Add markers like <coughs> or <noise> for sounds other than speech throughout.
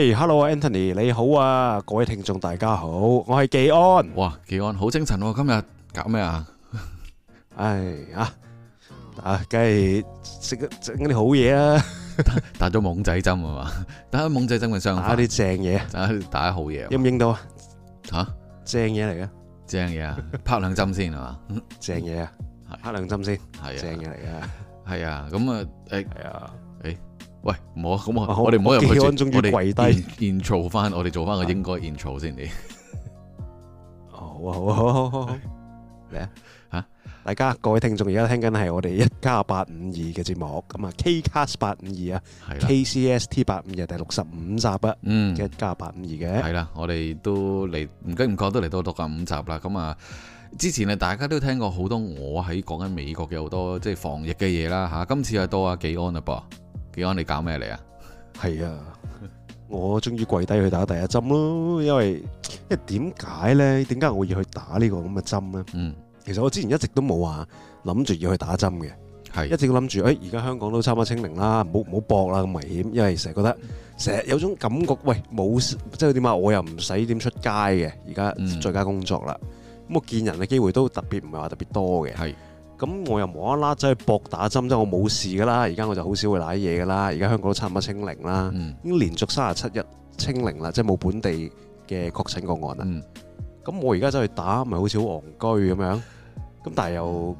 喂，Hello，Anthony，你好啊！各位聽眾大家好，我係紀安。哇，紀安好精神哦！今日搞咩啊？哎啊啊，梗係整啲好嘢啊！打咗懵仔針啊嘛？打下懵仔針嘅傷，打啲正嘢，打啲打好嘢，應唔應到啊？吓，正嘢嚟嘅，正嘢啊！拍兩針先係嘛？正嘢啊！拍兩針先係正嘢嚟嘅，係啊！咁啊，誒，係啊。喂，唔、啊、好，咁我我哋唔好入去。我哋 intro 翻，我哋做翻個應該 intro 先。你哦好嚟啊吓，大家各位聽眾而家聽緊係我哋一加八五二嘅節目咁啊。Kcast 八五二啊，係 K C S T 八五二，第六十五集啦。嗯，一加八五二嘅係啦，我哋都嚟唔緊唔覺都嚟到第六十五集啦。咁啊，之前咧，大家都聽過好多我喺講緊美國嘅好多即係、就是、防疫嘅嘢啦吓。今次又到阿紀安啦噃。幾安？你搞咩嚟啊？係啊，我終於跪低去打第一針咯，因為因為點解咧？點解我要去打這個這呢個咁嘅針咧？嗯，其實我之前一直都冇話諗住要去打針嘅，係是一直都諗住，誒、哎，而家香港都差唔多清零啦，唔好唔好搏啦，咁危險，因為成日覺得成日有種感覺，喂，冇即係點啊？我又唔使點出街嘅，而家在，在家工作啦，咁、嗯、我見人嘅機會都特別唔係話特別多嘅，係。咁我又無啦啦走去搏打針，即係我冇事噶啦。而家我就好少會賴嘢噶啦。而家香港都差唔多清零啦，已經連續三十七日清零啦，即係冇本地嘅確診個案啦。咁我而家走去打，咪好似好戇居咁樣。咁但係又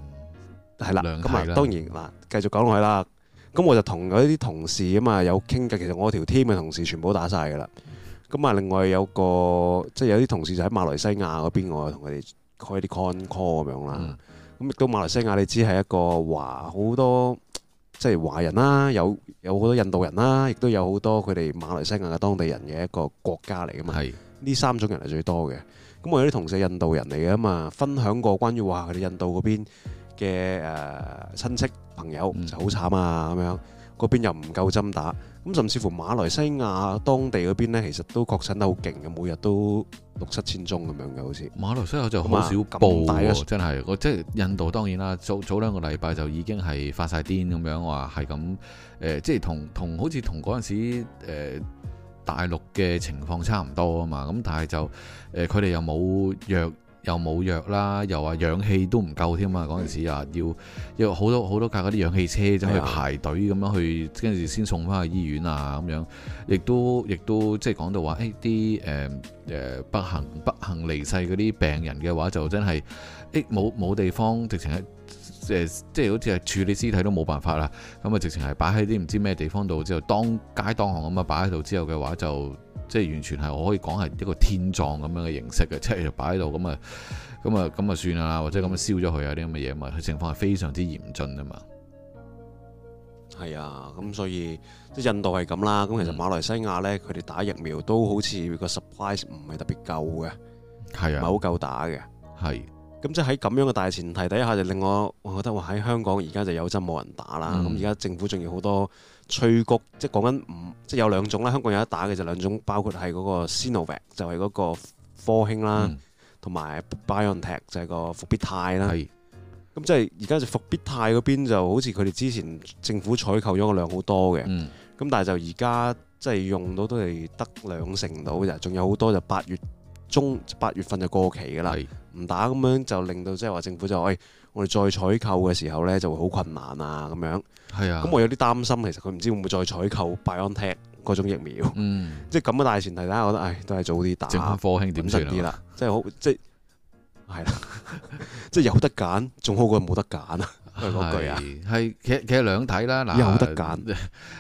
係啦。咁啊，當然嗱，繼續講落去啦。咁我就同嗰啲同事啊嘛，有傾偈。其實我條 team 嘅同事全部都打曬噶啦。咁啊，另外有個即係有啲同事就喺馬來西亞嗰邊，我同佢哋開啲 con call 咁樣啦。咁亦都馬來西亞，你知係一個華好多，即係華人啦、啊，有有好多印度人啦、啊，亦都有好多佢哋馬來西亞嘅當地人嘅一個國家嚟噶嘛。係呢是三種人係最多嘅。咁我有啲同事係印度人嚟噶嘛，分享過關於話佢哋印度嗰邊嘅誒、呃、親戚朋友、嗯、就好慘啊咁樣，嗰邊又唔夠針打。咁甚至乎馬來西亞當地嗰邊咧，其實都確診得好勁嘅，每日都六七千宗咁樣嘅，好似馬來西亞就好少咁爆，真係即係印度當然啦，早早兩個禮拜就已經係發晒癲咁樣話係咁，誒、呃、即係同同好似同嗰陣時、呃、大陸嘅情況差唔多啊嘛，咁但係就誒佢哋又冇藥。又冇藥啦，又話氧氣都唔夠添啊！嗰陣時啊，要要好多好多架嗰啲氧氣車就去排隊咁樣去，跟住先送翻去醫院啊咁樣，亦都亦都即係講到話，誒啲誒誒不幸不幸離世嗰啲病人嘅話，就真係誒冇冇地方，直情係誒即係好似係處理屍體都冇辦法啦。咁啊，直情係擺喺啲唔知咩地方度之後，當街當巷咁啊擺喺度之後嘅話就。即係完全係，我可以講係一個天葬咁樣嘅形式嘅，即係就擺喺度咁啊，咁啊，咁啊算啦，或者咁啊燒咗佢啊啲咁嘅嘢嘛，佢情況係非常之嚴峻啊嘛。係啊，咁所以即係印度係咁啦，咁其實馬來西亞呢，佢哋打疫苗都好似個 surprise 唔係特別夠嘅，係啊，唔係好夠打嘅，係。咁即係喺咁樣嘅大前提底下，就令我，我覺得話喺香港而家就有針冇人打啦。咁而家政府仲要好多催谷，即係講緊，即係有兩種啦。香港有得打嘅就兩種，包括係嗰個 Sinovac 就係嗰個科興啦，同埋、嗯、Biontech 就係個復必泰啦。咁即係而家就復必泰嗰邊就好似佢哋之前政府採購咗嘅量好多嘅。咁、嗯、但係就而家即係用到都係得兩成到咋，仲有好多就八月中八月份就過期㗎啦。唔打咁樣就令到即係話政府就，誒、哎，我哋再採購嘅時候呢，就會好困難啊，咁樣。係啊。咁我有啲擔心，其實佢唔知會唔會再採購 BioNTech 嗰種疫苗。嗯、即係咁嘅大前提，大家覺得，唉、哎，都係早啲打。正科興點食啲啦，啊、即係好，即係係啦，啊、 <laughs> 即係有得揀，仲好過冇得揀啊！係，係，其實其實兩睇啦，嗱，有得揀，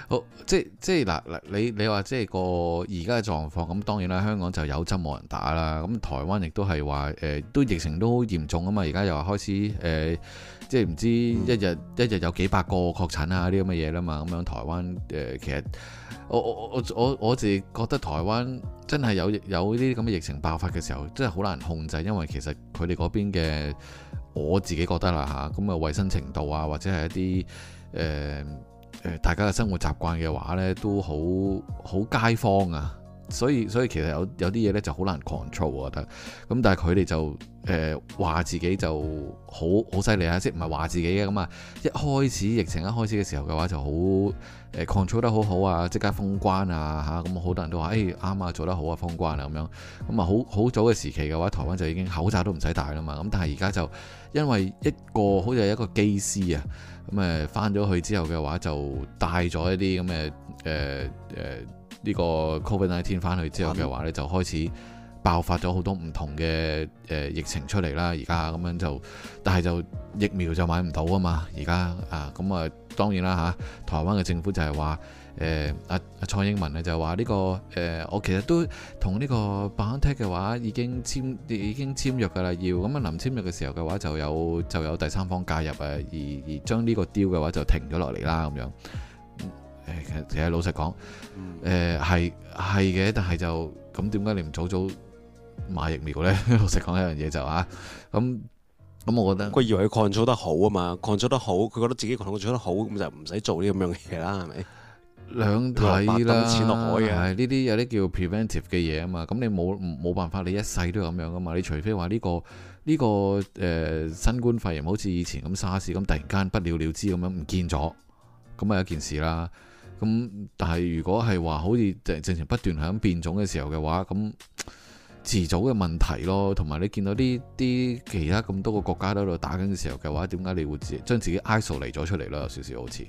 好，即係即係嗱嗱，你你話即係個而家嘅狀況，咁當然啦，香港就有針冇人打啦，咁台灣亦都係話，誒、呃，都疫情都好嚴重啊嘛，而家又話開始，誒、呃，即係唔知一日一日有幾百個確診啊啲咁嘅嘢啦嘛，咁樣台灣，誒、呃，其實我我我我我自覺得台灣真係有有啲咁嘅疫情爆發嘅時候，真係好難控制，因為其實佢哋嗰邊嘅。我自己覺得啦嚇，咁啊衞生程度啊，或者係一啲誒誒大家嘅生活習慣嘅話呢，都好好街坊啊，所以所以其實有有啲嘢呢就好難 control 啊，我覺得咁，但係佢哋就誒話、呃、自己就好好犀利啊，即係唔係話自己嘅咁啊，一開始疫情一開始嘅時候嘅話就好誒 control 得好好啊，即刻封關啊嚇，咁好多人都話誒啱啊，做得好啊封關啊咁樣，咁啊好好早嘅時期嘅話，台灣就已經口罩都唔使戴啦嘛，咁但係而家就。因為一個好似係一個機師啊，咁誒翻咗去之後嘅話，就帶咗一啲咁嘅誒誒呢個 COVID-19 翻去之後嘅話呢就開始爆發咗好多唔同嘅誒、呃、疫情出嚟啦。而家咁樣就，但係就疫苗就買唔到啊嘛。而家啊，咁、嗯、啊當然啦嚇、啊，台灣嘅政府就係話。誒，阿阿、呃啊、蔡英文咧就話呢、這個誒、呃，我其實都同呢個 BioNTech 嘅話已經簽已經簽約噶啦，要咁啊，臨簽約嘅時候嘅話就有就有第三方介入誒，而而將呢個 deal 嘅話就停咗落嚟啦，咁樣。誒、呃，其實老實講，誒係係嘅，但係就咁點解你唔早早買疫苗咧？ <laughs> 老實講一樣嘢就啊，咁、嗯、咁，我覺得佢以為佢 control 得好啊嘛，control 得好，佢覺得自己 control 得好，咁就唔使做呢咁樣嘅嘢啦，係咪？兩睇啦，似落海呀，係呢啲有啲叫 preventive 嘅嘢啊嘛。咁你冇冇辦法？你一世都咁樣㗎嘛。你除非話呢、這個呢、這個誒、呃、新冠肺炎好似以前咁沙士咁，突然間不了了之咁樣唔見咗，咁係一件事啦。咁但係如果係話好似正正常不斷響變種嘅時候嘅話，咁遲、呃、早嘅問題咯。同埋你見到呢啲其他咁多個國家都喺度打緊嘅時候嘅話，點解你會自將自己 isolate 嚟咗出嚟咯？有少少好似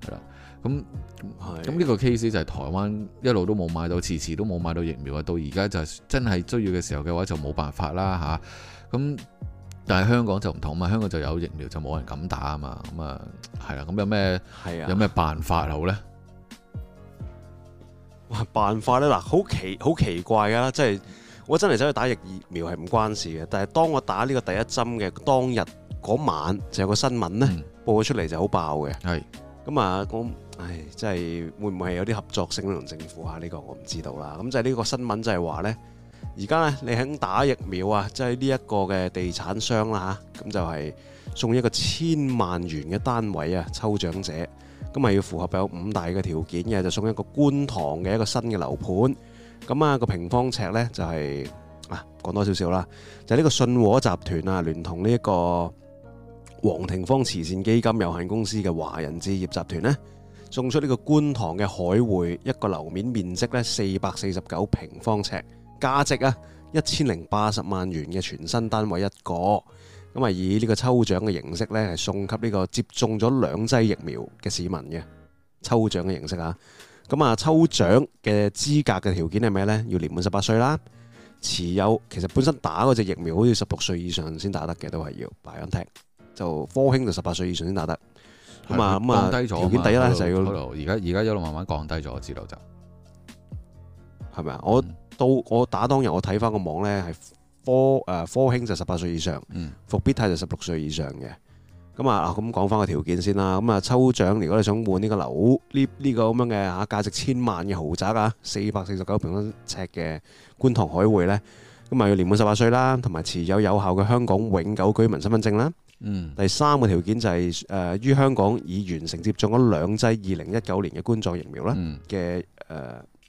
係啦。咁咁呢個 case 就係台灣一路都冇買到，遲遲都冇買到疫苗到啊！到而家就真係需要嘅時候嘅話，就冇辦法啦嚇。咁但係香港就唔同啊嘛，香港就有疫苗就冇人敢打啊嘛。咁、嗯、啊係啦，咁有咩、啊、有咩辦法好咧？哇！辦法咧嗱，好奇好奇怪噶啦，即係我真係走去打疫苗係唔關事嘅，但係當我打呢個第一針嘅當日嗰晚就有個新聞咧播出嚟就好爆嘅。係咁啊，唉，真係會唔會係有啲合作性同政府啊？呢、呢個我唔知道啦。咁就係呢個新聞就，就係話呢而家呢，你肯打疫苗啊，即係呢一個嘅地產商啦、啊，嚇咁就係送一個千萬元嘅單位啊，抽獎者咁咪要符合有五大嘅條件嘅，就送一個觀塘嘅一個新嘅樓盤。咁、咁、啊個平方尺呢、就係啊，就係啊講多少少啦，就係呢個信和集團啊聯同呢一個黃庭芳慈善基金有限公司嘅華人置業集團呢。送出呢個觀塘嘅海匯一個樓面面積呢，四百四十九平方尺，價值啊一千零八十萬元嘅全新單位一個，咁啊以呢個抽獎嘅形式呢係送給呢個接種咗兩劑疫苗嘅市民嘅抽獎嘅形式啊，咁啊抽獎嘅資格嘅條件係咩呢？要年滿十八歲啦，持有其實本身打嗰隻疫苗好似十六歲以上先打得嘅，都係要 BioNTech，就科興就十八歲以上先打得。咁啊，咁啊、嗯！是低條件第一咧就係要，而家而家一路慢慢降低咗資料就，係咪啊？我、嗯、到我打當日我睇翻個網咧，係科誒、啊、科興就十八歲以上，復、嗯、必泰就十六歲以上嘅。咁啊咁、嗯、講翻個條件先啦。咁啊抽獎，如果你想換呢個樓呢呢、呢個咁樣嘅嚇價值千萬嘅豪宅啊，四百四十九平方尺嘅觀塘海匯咧，咁啊要年滿十八歲啦，同埋持有有效嘅香港永久居民身份證啦。嗯，第三個條件就係、是、誒、呃，於香港已完成接種咗兩劑二零一九年嘅冠狀疫苗啦，嘅誒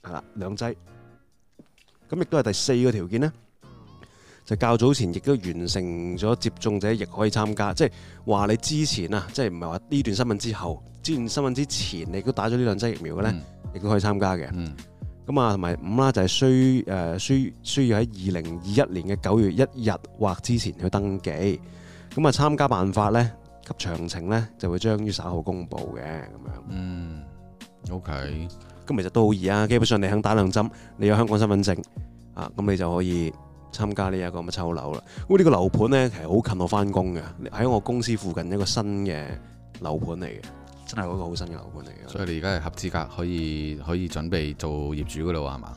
係啦，兩劑咁亦都係第四個條件咧，就較早前亦都完成咗接種者亦可以參加，即係話你之前啊，即係唔係話呢段新聞之後，之前新聞之前你都打咗呢兩劑疫苗嘅咧，亦都、嗯、可以參加嘅。咁啊、嗯，同埋五啦，就係需誒需需要喺二零二一年嘅九月一日或之前去登記。咁啊，參加辦法咧及詳情咧就會將於稍後公佈嘅咁樣。嗯，OK，咁其實都好易啊。基本上你肯打兩針，你有香港身份證啊，咁你就可以參加，哦這個，樓呢一個咁嘅抽樓啦。咁呢個樓盤咧其實好近我翻工嘅，喺我公司附近一個新嘅樓盤嚟嘅，真係嗰個好新嘅樓盤嚟嘅。所以你而家係合資格可以可以準備做業主噶啦，係嘛？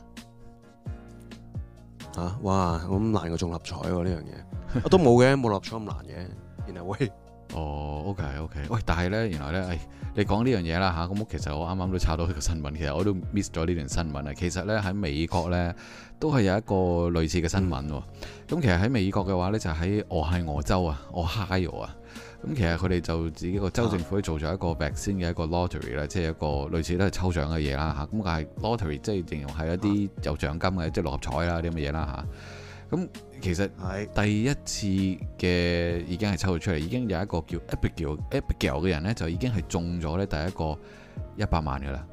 吓、啊、哇，咁難過中立、啊這個中六合彩喎呢樣嘢。我 <laughs> 都冇嘅，冇立場咁難嘅。然後喂，哦，OK OK。喂，但係咧，原來咧，誒、哎，你講呢樣嘢啦吓，咁其實我啱啱都查到呢個新聞，其實我都 miss 咗呢段新聞啊。其實咧喺美國咧，都係有一個類似嘅新聞喎。咁、嗯、其實喺美國嘅話咧，就喺、是、俄亥俄州啊，Ohio 啊。咁其實佢哋就自己個州政府做咗一個 vaccine 嘅一個 lottery 咧、啊，即係一個類似都係抽獎嘅嘢啦吓，咁、啊、但係 lottery 即係形容係一啲有獎金嘅，啊、即係六合彩啦啲咁嘅嘢啦吓。啊啊啊咁其實第一次嘅已經係抽到出嚟，已經有一個叫 Abigail Abigail 嘅人咧，就已經係中咗咧第一個一百萬噶啦。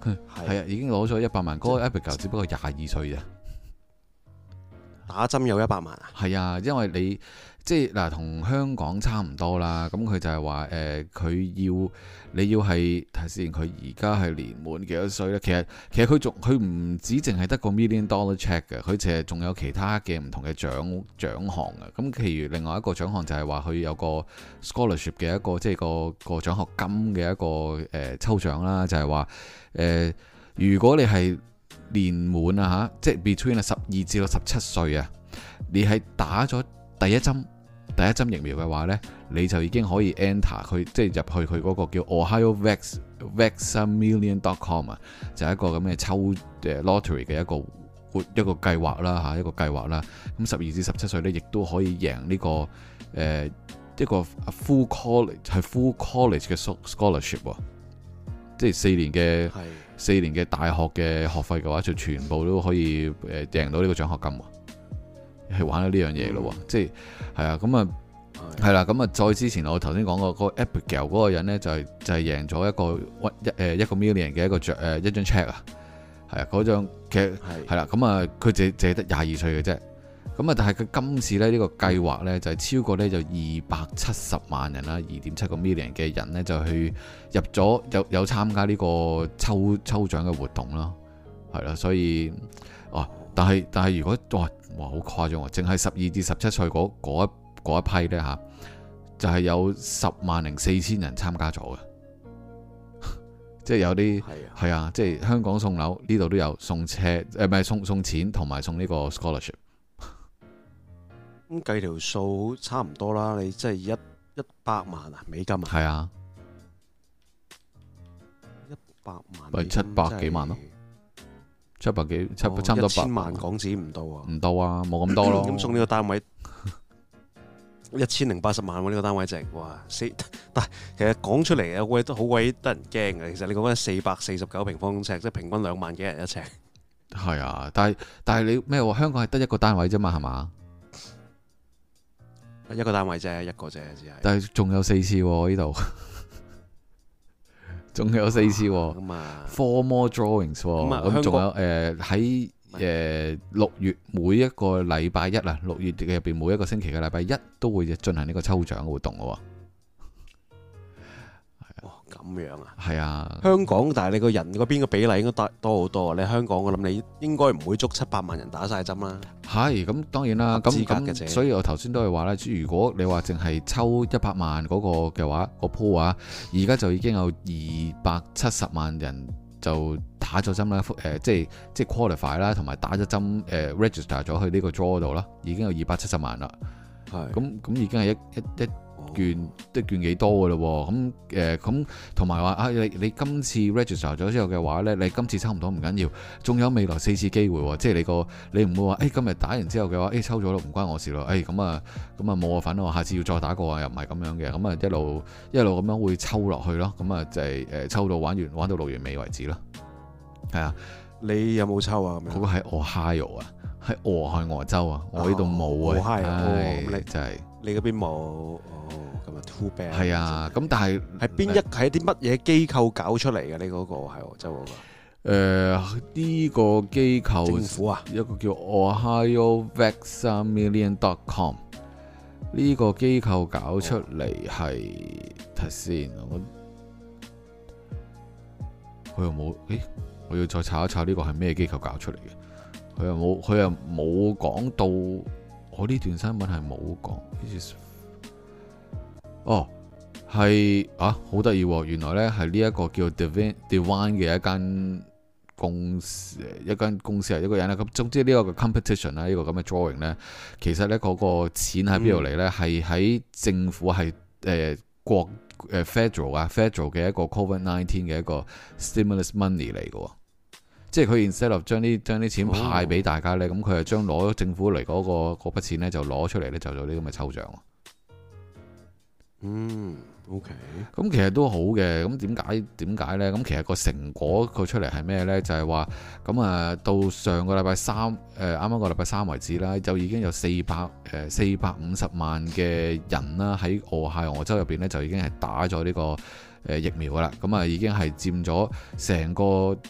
係 <laughs> 啊的， <laughs> 已經攞咗一百萬。嗰即個 Abigail 只不過廿二歲咋， <laughs> 打針有一百萬啊？係啊， <laughs> 因為你。即係嗱，同香港差唔多啦。咁、嗯、佢就係話誒，佢、呃、要你要係睇先，佢而家係年滿幾多歲呢？其實其實佢仲佢唔止淨係得個 million dollar check 嘅，佢其實仲有其他嘅唔同嘅獎獎項嘅。咁其餘另外一個獎項就係話佢有個 scholarship 嘅一個，一個即係個個獎學金嘅一個誒、呃、抽獎啦，就係話誒，如果你係年滿啊嚇，即係 between 十二至到十七歲啊，你係打咗第一針。第一針疫苗嘅話呢，你就已經可以 enter 佢，即係入去佢嗰個叫 OhioVaxVaxAMillion.com 啊，就係一個咁嘅抽誒、呃、lottery 嘅一個活一個計劃啦嚇，一個計劃啦。咁十二至十七歲呢，亦都可以贏呢、這個誒一、呃這個 full college 係 full college 嘅 scholarship，、哦、即係四年嘅四年嘅大學嘅學費嘅話，就全部都可以誒贏到呢個獎學金喎。哦去玩到呢樣嘢咯，mm hmm. 即係係啊，咁啊係啦，咁、oh, yeah. 啊，再之前我頭先講個嗰 Apple Gel 嗰個人咧，就係、是、就係贏咗一個一誒、呃、一個 million 嘅、呃、一個著一張 check 啊，係、mm hmm. 啊，嗰張其實係啦，咁啊，佢淨淨得廿二歲嘅啫，咁啊，但係佢今次咧呢、這個計劃咧就係、是、超過咧就二百七十萬人啦，二點七個 million 嘅人咧就去入咗有有參加呢個抽抽獎嘅活動咯，係啦、啊，所以哦，但係但係如果哇～哇哇！好誇張喎，淨係十二至十七歲嗰一一批呢，吓、啊，就係、係、有十萬零四千人參加咗嘅， <laughs> 即係有啲係、嗯、啊，即係、啊就係、香港送樓呢度都有送車，誒唔係送送錢同埋送呢個 scholarship。咁 <laughs> 計條數差唔多啦，你即係一一百萬啊美金啊，係啊一百萬，咪七百幾萬咯、啊。七百幾，幾哦、差差唔多千萬港紙唔到啊，唔到啊，冇咁多咯。咁 <coughs> 送呢個單位一千零八十萬喎、啊，呢、呢個單位值哇！四，但係其實講出嚟嘅啊，都好鬼得人驚啊。其實你講緊四百四十九平方尺，即係平均兩萬幾人一尺。係啊，但係但係你咩話、啊？香港係得一個單位啫嘛，係嘛？一個單位啫，一個啫，只係。但係仲有四次喎、啊，呢度。仲有四次喎，four、啊、more drawings 喎。咁仲有誒喺誒六月每一個禮拜一啊，六月入邊每一個星期嘅禮拜一都會進行呢個抽獎活動嘅喎。啊咁樣啊，係啊，香港，但係你個人嗰邊嘅比例應該多好多，你香港，我諗你應該唔會足七百萬人打晒針啦。係，咁、嗯、當然啦，咁資格嘅，所以我頭先都係話啦，如果你話淨係抽一百萬嗰個嘅話，個 pool 啊而家就已經有二百七十萬人就打咗針啦，誒、呃，即係即係 qualify 啦，同、呃、埋打咗針誒 register 咗去呢個 draw 度啦，已經有二百七十萬啦。係是。咁咁已經係一一一。一一劵即券幾多嘅嘞？咁誒咁同埋話啊，你你今次 register 咗之後嘅話咧，你今次抽唔到唔緊要，仲有未來四次機會喎。即係你個你唔會話誒今日打完之後嘅話誒抽咗咯，唔關我事咯。誒咁啊咁啊冇我份咯，下次要再打過啊，又唔係咁樣嘅。咁啊一路一路咁樣會抽落去咯。咁啊就係誒抽到玩完玩到落完尾為止咯。係啊，你有冇抽啊？嗰個係俄亥俄啊，係俄亥俄州啊，我呢度冇啊。真係。你嗰邊冇哦，咁、oh, 啊，too bad。係啊，咁但係係邊一係一啲乜嘢機構搞出嚟嘅，你嗰個係、那個、周浩嘅。呢、呃呢個機構政府啊，一個叫 OhioVaxAMillion.com 呢個機構搞出嚟係睇先，我佢又冇，咦、欸？我要再查一查呢個係咩機構搞出嚟嘅？佢又冇，佢又冇講到。我呢段新聞係冇講，哦、oh,，係啊，好得意，原來呢係呢一個叫 Divine, Divine Divine 嘅一間公司，一間公司係一個人啦。咁總之呢一個 competition 啦，呢個咁嘅 drawing 呢，其實呢嗰個錢喺邊度嚟呢？係喺政府係誒、呃、國誒、呃、Federal 啊 Federal 嘅一個 Covid nineteen 嘅一個 stimulus money 嚟嘅喎。即係佢現設立將啲將啲錢派俾大家呢，咁佢係將攞政府嚟嗰、嗰個嗰筆錢呢，就攞出嚟呢，就做啲咁嘅抽獎。嗯、mm，OK，咁其實都好嘅。咁點解點解呢？咁其實個成果佢出嚟係咩呢？就係話咁啊，到上個禮拜三誒，啱、呃、啱個禮拜三為止啦，就已經有四百誒四百五十萬嘅人啦，喺俄亥俄州入邊呢，就已經係打咗呢、呢個。誒疫苗啦，咁啊已經係佔咗成個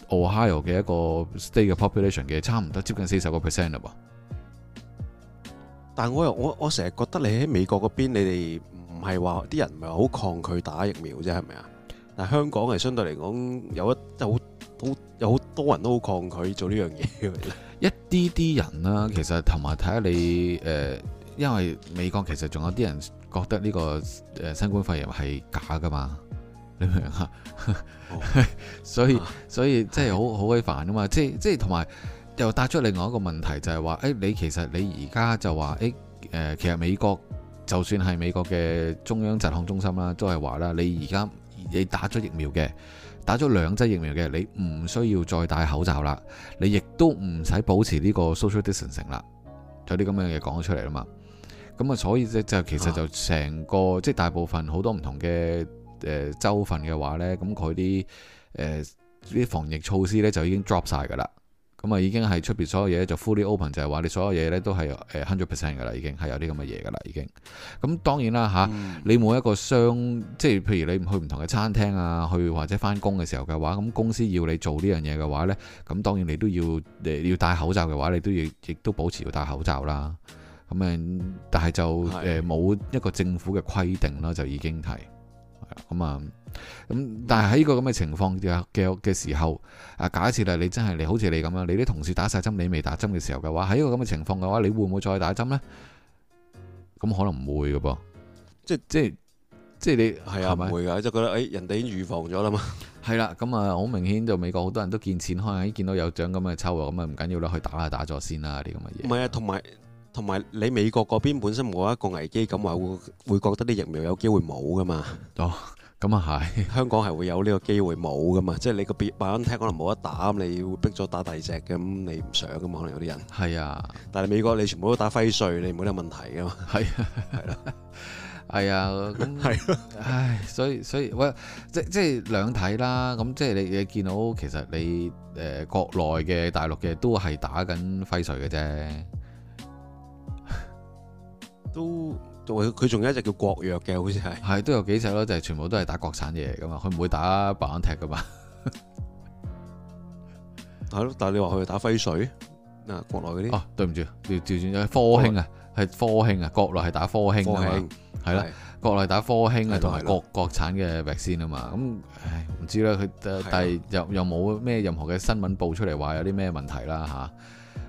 Ohio 嘅一個 state 嘅 population 嘅差唔多接近四十個 percent 啦噃。但係我又我我成日覺得你喺美國嗰邊，你哋唔係話啲人唔係好抗拒打疫苗啫，係咪啊？但係香港係相對嚟講有一有好有好多人都好抗拒做呢樣嘢， <laughs> 一啲啲人啦。其實同埋睇下你誒、呃，因為美國其實仲有啲人覺得呢個誒新冠肺炎係假㗎嘛。你明 <laughs> 以啊？所以所以即係好好鬼煩噶嘛。即即係同埋又帶出另外一個問題就，就係話誒，你其實你而家就話誒誒，其實美國就算係美國嘅中央疾控中心啦，都係話啦，你而家你打咗疫苗嘅，打咗兩劑疫苗嘅，你唔需要再戴口罩啦，你亦都唔使保持呢個 social distancing 啦。有啲咁樣嘢講咗出嚟啦嘛。咁啊，所以咧就其實就成個即係、啊、大部分好多唔同嘅。誒州份嘅話呢，咁佢啲誒啲防疫措施呢就已經 drop 晒噶啦。咁啊，已經係出邊所有嘢就 fully open，就係話你所有嘢呢都係誒 hundred percent 噶啦，已經係有啲咁嘅嘢噶啦，已經。咁當然啦，吓、啊，嗯、你每一個商，即係譬如你唔去唔同嘅餐廳啊，去或者翻工嘅時候嘅話，咁公司要你做呢樣嘢嘅話呢，咁當然你都要、呃、要戴口罩嘅話，你都要亦都保持要戴口罩啦。咁啊，但係就誒冇一個政府嘅規定啦，就已經係。咁啊，咁、嗯、但係喺呢個咁嘅情況嘅嘅嘅時候，啊假設啦，你真係你好似你咁啦，你啲同事打晒針，你未打針嘅時候嘅話，喺呢個咁嘅情況嘅話，你會唔會再打針呢？咁可能唔會嘅噃，即係即係即係你係啊，唔吧會噶，就覺得、欸、人哋已經預防咗啦嘛。係啦， <laughs> 咁啊，好明顯就美國好多人都見錢開，可能見到有獎咁啊抽啊，咁啊唔緊要啦，去打下打咗先啦啲咁嘅嘢。唔係啊，同埋。同埋，你美國嗰邊本身冇一個危機咁，話會會覺得啲疫苗有機會冇噶嘛？哦，咁啊，係香港係會有呢個機會冇噶嘛？即係你個別萬一聽可能冇得打，你會逼咗打第二隻咁，你唔想噶嘛？可能有啲人係啊。但係美國你全部都打輝瑞，你冇啲問題啊嘛？係啊，係啦，係啊，咁係、 <laughs> 啊啊、唉，所以所以，所以喂，即即係兩睇啦。咁即係你你見到其實你誒、呃、國內嘅大陸嘅都係打緊輝瑞嘅啫。都做佢，佢仲有一隻叫國藥嘅，好似係係都有幾隻咯，就係全部都係打國產嘢嘅嘛，佢唔會打 BioNTech 㗎嘛。係咯，但係你話佢打輝瑞，嗱國內嗰啲哦，對唔住，調轉咗科興啊，係科興啊，國內係打科興係係啦，國內打科興啊，同埋國國產嘅 vaccine 啊嘛，咁唉唔知啦，佢但係又又冇咩任何嘅新聞報出嚟話有啲咩問題啦嚇。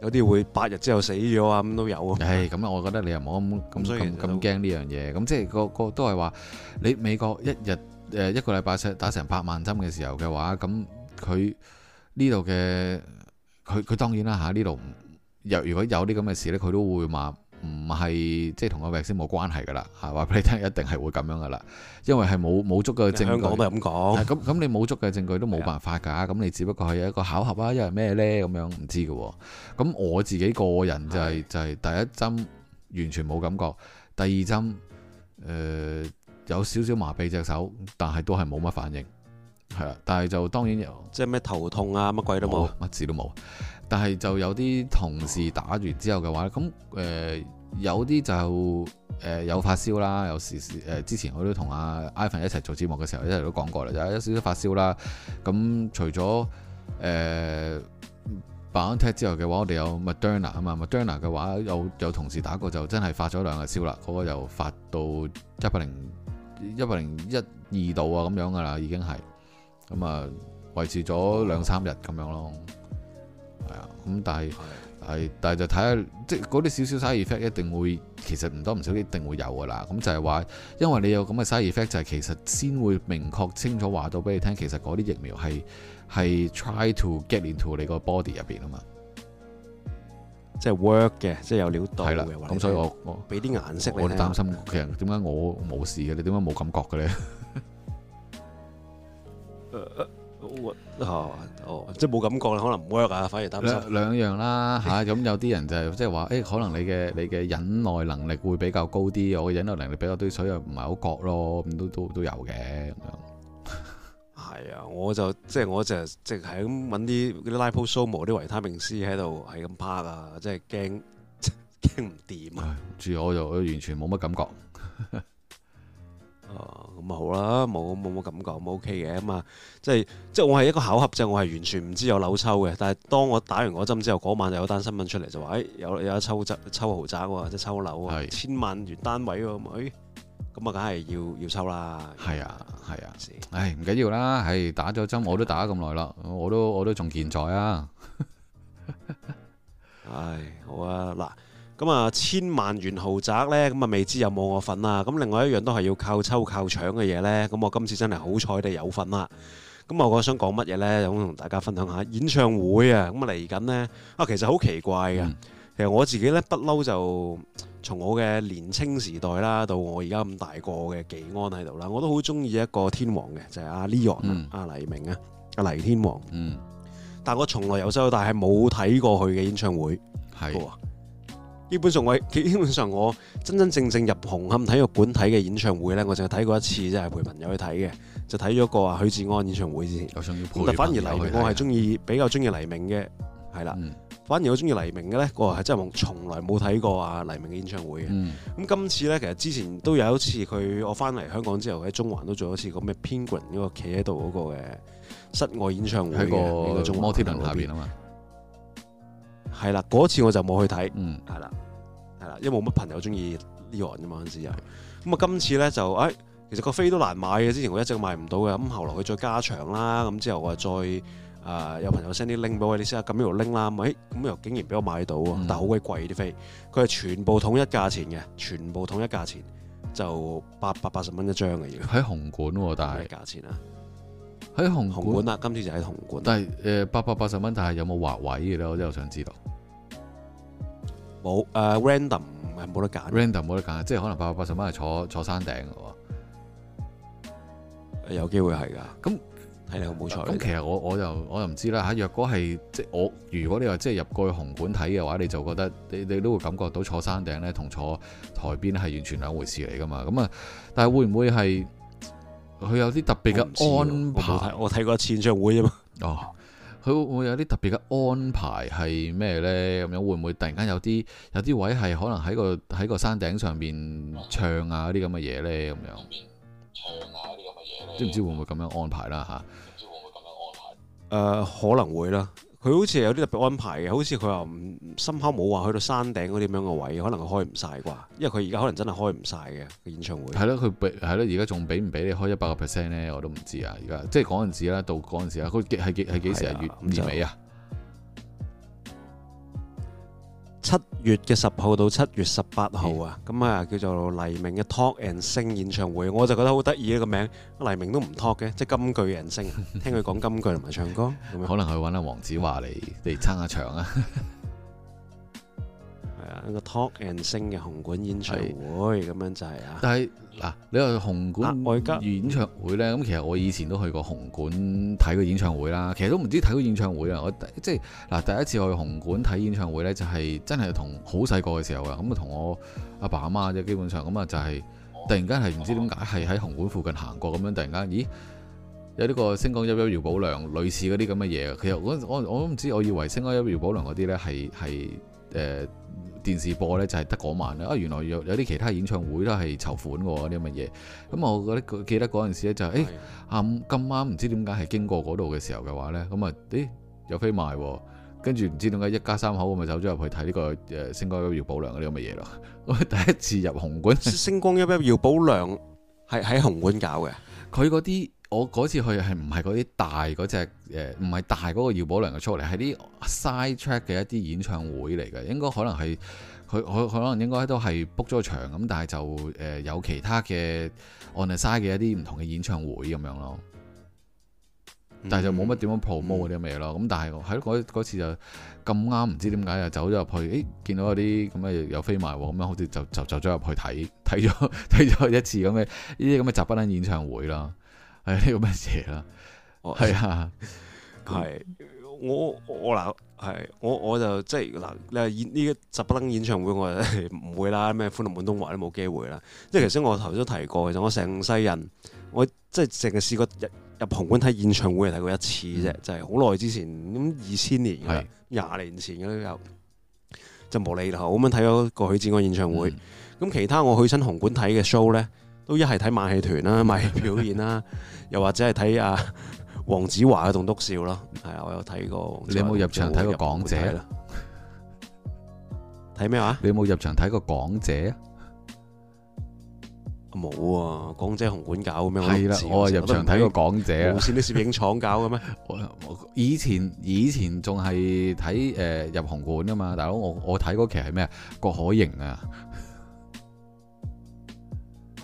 有啲會八日之後死咗啊！咁都有啊。唉咁啊，我覺得你又唔好咁咁咁驚呢樣嘢。咁即係個個都係話，你美國一日誒、呃、一個禮拜成打成百萬針嘅時候嘅話，咁佢呢度嘅佢佢當然啦嚇，呢度又如果有啲咁嘅事咧，佢都會話。唔係即係同我搲先冇關係噶啦，係話俾你聽，一定係會咁樣噶啦，因為係冇冇足嘅證據。香港咪咁講？咁咁你冇足嘅證據都冇辦法噶，咁是的 你只不過係有一個巧合啊，因為咩呢？咁樣唔知噶。咁我自己個人就係、是、是的 就係第一針完全冇感覺，第二針誒、呃、有少少麻痹隻手，但係都係冇乜反應，係啊。但係就當然又即係咩頭痛啊，乜鬼都冇，乜字都冇。但係就有啲同事打完之後嘅話，咁誒、呃、有啲就誒、呃、有發燒啦，有時誒、呃、之前我都同阿 Ivan 一齊做節目嘅時候，一齊都講過啦，有少少發燒啦。咁除咗誒 BioNTech 之後嘅話，我哋有 Moderna 啊嘛，Moderna 嘅話有有同事打過就真係發咗兩日燒啦，嗰、那個又發到一百零一百零一二度啊咁樣噶啦，已經係咁啊維持咗兩三日咁樣咯。咁但係係，但係就睇下，即係嗰啲少少 side effect，一定會其實唔多唔少一定會有噶啦。咁就係話，因為你有咁嘅 side effect，就係其實先會明確清楚話到俾你聽，其實嗰啲疫苗係係 try to get into 你個 body 入邊啊嘛，即係 work 嘅，即係有料到。係啦了，咁所以我我俾啲顏色我擔你看 心其實點解我冇事嘅？你點解冇感覺嘅咧？ <laughs> 哦，即係冇感覺啦，可能唔 work 啊，反而擔心兩,兩樣啦嚇，咁、啊、有啲人就係即係話，誒、 <laughs> 欸、可能你嘅你嘅忍耐能力會比較高啲，我嘅忍耐能力比較低，所以唔係好覺咯，咁都都都有嘅咁樣。係啊，我就即係我就係、即係係咁揾啲嗰啲 Liposomal 啲維他命 C 喺度，係咁趴啊，即係驚驚唔掂啊，哎、住我，我就完全冇乜感覺。 <laughs> 哦，咁啊好啦，冇冇冇感覺，咁 OK 嘅咁啊，okay、即係即係我係一個巧合即啫，我係完全唔知有樓抽嘅，但係當我打完嗰針之後，嗰晚就有單新聞出嚟就話，誒、哎、有有得抽抽豪宅喎，即係抽樓啊，樓啊是千萬元單位喎，咁啊，梗、哎、係要要抽啦，係啊係啊，唉唔緊要啦，係打咗針我都打咁耐啦，我都我都仲健在啊，唉、 <laughs> 哎、好啊嗱。咁啊，千萬元豪宅呢，咁啊未知有冇我份啊！咁另外一樣都係要靠抽靠搶嘅嘢呢。咁我今次真係好彩地有份啦。咁我想講乜嘢呢，就同大家分享下演唱會啊！咁啊嚟緊呢，啊，其實好奇怪嘅。嗯、其實我自己呢，不嬲就從我嘅年青時代啦，到我而家咁大個嘅幾安喺度啦，我都好中意一個天王嘅，就係、是、阿 Leon、嗯、啊，黎明啊，黎天王。嗯、但我從來由細到大係冇睇過佢嘅演唱會，係是。基本上我，基本上我真真正正入紅磡體育館睇嘅演唱會咧，我淨係睇過一次，即係、嗯、陪朋友去睇嘅，就睇咗個啊許志安演唱會之前。但反而黎明我係中意比較中意黎明嘅，係啦。嗯、反而我中意黎明嘅咧，我係真係從來冇睇過啊黎明嘅演唱會嘅。咁今、嗯、次咧，其實之前都有一次佢我翻嚟香港之後喺中環都做一次嗰咩 Penguin 嗰個企喺度嗰個嘅室外演唱會喺、嗯、個摩那邊 .係啦，嗰次我就冇去睇，係啦、嗯，係啦，因為冇乜朋友中意呢行啫嘛，嗰陣時又咁啊，今次咧就誒、哎，其實個飛都難買嘅，之前我一直買唔到嘅，咁、嗯、後來佢再加場啦，咁、嗯、之後我再誒、呃、有朋友 send 啲 link 俾我，你試下撳呢度 link 啦，咁、哎、又竟然俾我買到，但好鬼貴啲飛。佢係、嗯、全部統一價錢嘅，全部統一價錢就八百八十蚊一張嘅要，喺紅館喎、啊，但係價錢啊。喺紅館紅館啊，今次就喺紅館。但係誒，八百八十蚊，但係有冇劃位嘅咧？我真係想知道。冇誒、uh,，random 係冇得揀。random 冇得揀，即係可能八百八十蚊係坐坐山頂嘅喎。有機會係噶。咁睇那你好冇錯。咁其實我我又我又唔知啦。吓，若果係即我如果你話即係入過去紅館睇嘅話，你就覺得你你都會感覺到坐山頂咧同坐台邊係完全兩回事嚟噶嘛。咁啊，但係會唔會係？佢有啲特別嘅安排，我睇過一次演唱會啫嘛。哦，佢會唔會有啲特別嘅安排係咩呢？咁樣會唔會突然間有啲有啲位係可能喺個喺個山頂上面唱啊啲咁嘅嘢呢？咁樣唱啊啲咁嘅嘢，唔知會唔會咁樣安排啦？吓？唔知會唔會咁樣安排？誒、啊呃，可能會啦。佢好似有啲特別安排嘅，好似佢話唔深刻，冇話去到山頂嗰啲咁樣嘅位，可能佢開唔晒啩，因為佢而家可能真係開唔晒嘅演唱會。係咯，佢俾係咯，而家仲俾唔俾你開一百個 percent 咧？我都唔知啊，而家即係嗰陣時，到嗰陣時，佢係幾係幾時啊？的月五月就尾啊？七月嘅十號到七月十八號啊，咁、嗯、啊叫做黎明嘅 Talk and Sing 演唱會，我就覺得好得意啊，這個名，黎明都唔 talk 嘅，即金句人聲，聽佢講金句同埋唱歌， <laughs> 樣可能去揾阿黃子華嚟嚟撐下場啊。 <laughs> 一個 talk and sing 嘅紅，是、啊、紅館演唱會咁樣就係啊！但係嗱，你話紅館演唱會咧，咁其實我以前都去過紅館睇過演唱會啦。其實都唔知睇過演唱會啊！我即係嗱，第一次去紅館睇演唱會咧，就係、是、真係同好細個嘅時候啊！咁啊，同我阿爸阿媽啫，基本上咁啊，就係突然間係唔知點解係喺紅館附近行過咁樣，突然間咦有呢個星光熠熠耀保良類似嗰啲咁嘅嘢，其實我我都唔知，我以為星光熠熠耀保良嗰啲咧係係。誒、呃，電視播咧就係得嗰晚啦，啊，原來有有啲其他演唱會都係籌款嘅啲乜嘢，咁、嗯、我覺得記得嗰陣時咧就係、是、誒，下午咁啱唔知點解係經過嗰度嘅時候嘅話咧，咁、嗯、啊，誒、欸、有飛賣、哦，跟住唔知點解一家三口咁咪走咗入去睇呢、這個誒、呃、星光熠熠耀保良啲咁嘅嘢咯，我、嗯、第一次入紅館，星光熠熠耀保良係喺紅館搞嘅，佢嗰啲。我嗰次去係唔係嗰啲大嗰隻誒，唔、呃、係大嗰個姚寶良嘅出嚟，係啲 side track 嘅一啲演唱會嚟嘅，應該可能係佢佢可能應該都係 book 咗場咁，但係就誒、呃、有其他嘅 on the side 嘅一啲唔同嘅演唱會咁樣咯。但係就冇乜點樣 promote 嗰啲咩咯。咁但係係嗰次就咁啱，唔知點解就走咗入去，誒，見到嗰啲咁嘅又飛埋喎咁樣，好似就就就走咗入去睇睇咗睇咗一次咁嘅呢啲咁嘅雜崩冷演唱會啦。係呢個咩事啦？我係啊，係我我嗱，係我我就即係嗱，你係呢個集不登演唱會我，我唔會啦，咩歡樂滿東華都冇機會啦。即係其實我頭先都提過，其實我成世人，我即係淨係試過入紅館睇演唱會，係睇過一次啫，就係好耐之前，咁二千年廿年前嘅都有，就無厘頭咁樣睇咗個許志安演唱會。咁其他我去親紅館睇嘅 show 咧？都一係睇漫戲團啦，漫戲表演啦， <laughs> 又或者係睇阿黃子華嘅棟篤笑咯。係啊，我有睇過。你有冇入場睇過港姐啦？睇咩話？ <laughs> 啊、你有冇入場睇過港姐啊？冇啊！港姐紅館搞咩？係啦、啊，我啊入場睇過港姐啊。冇綫啲攝影廠搞嘅咩？我 <laughs> 以前以前仲係睇誒入紅館啊嘛，大佬我我睇嗰期係咩郭可盈啊！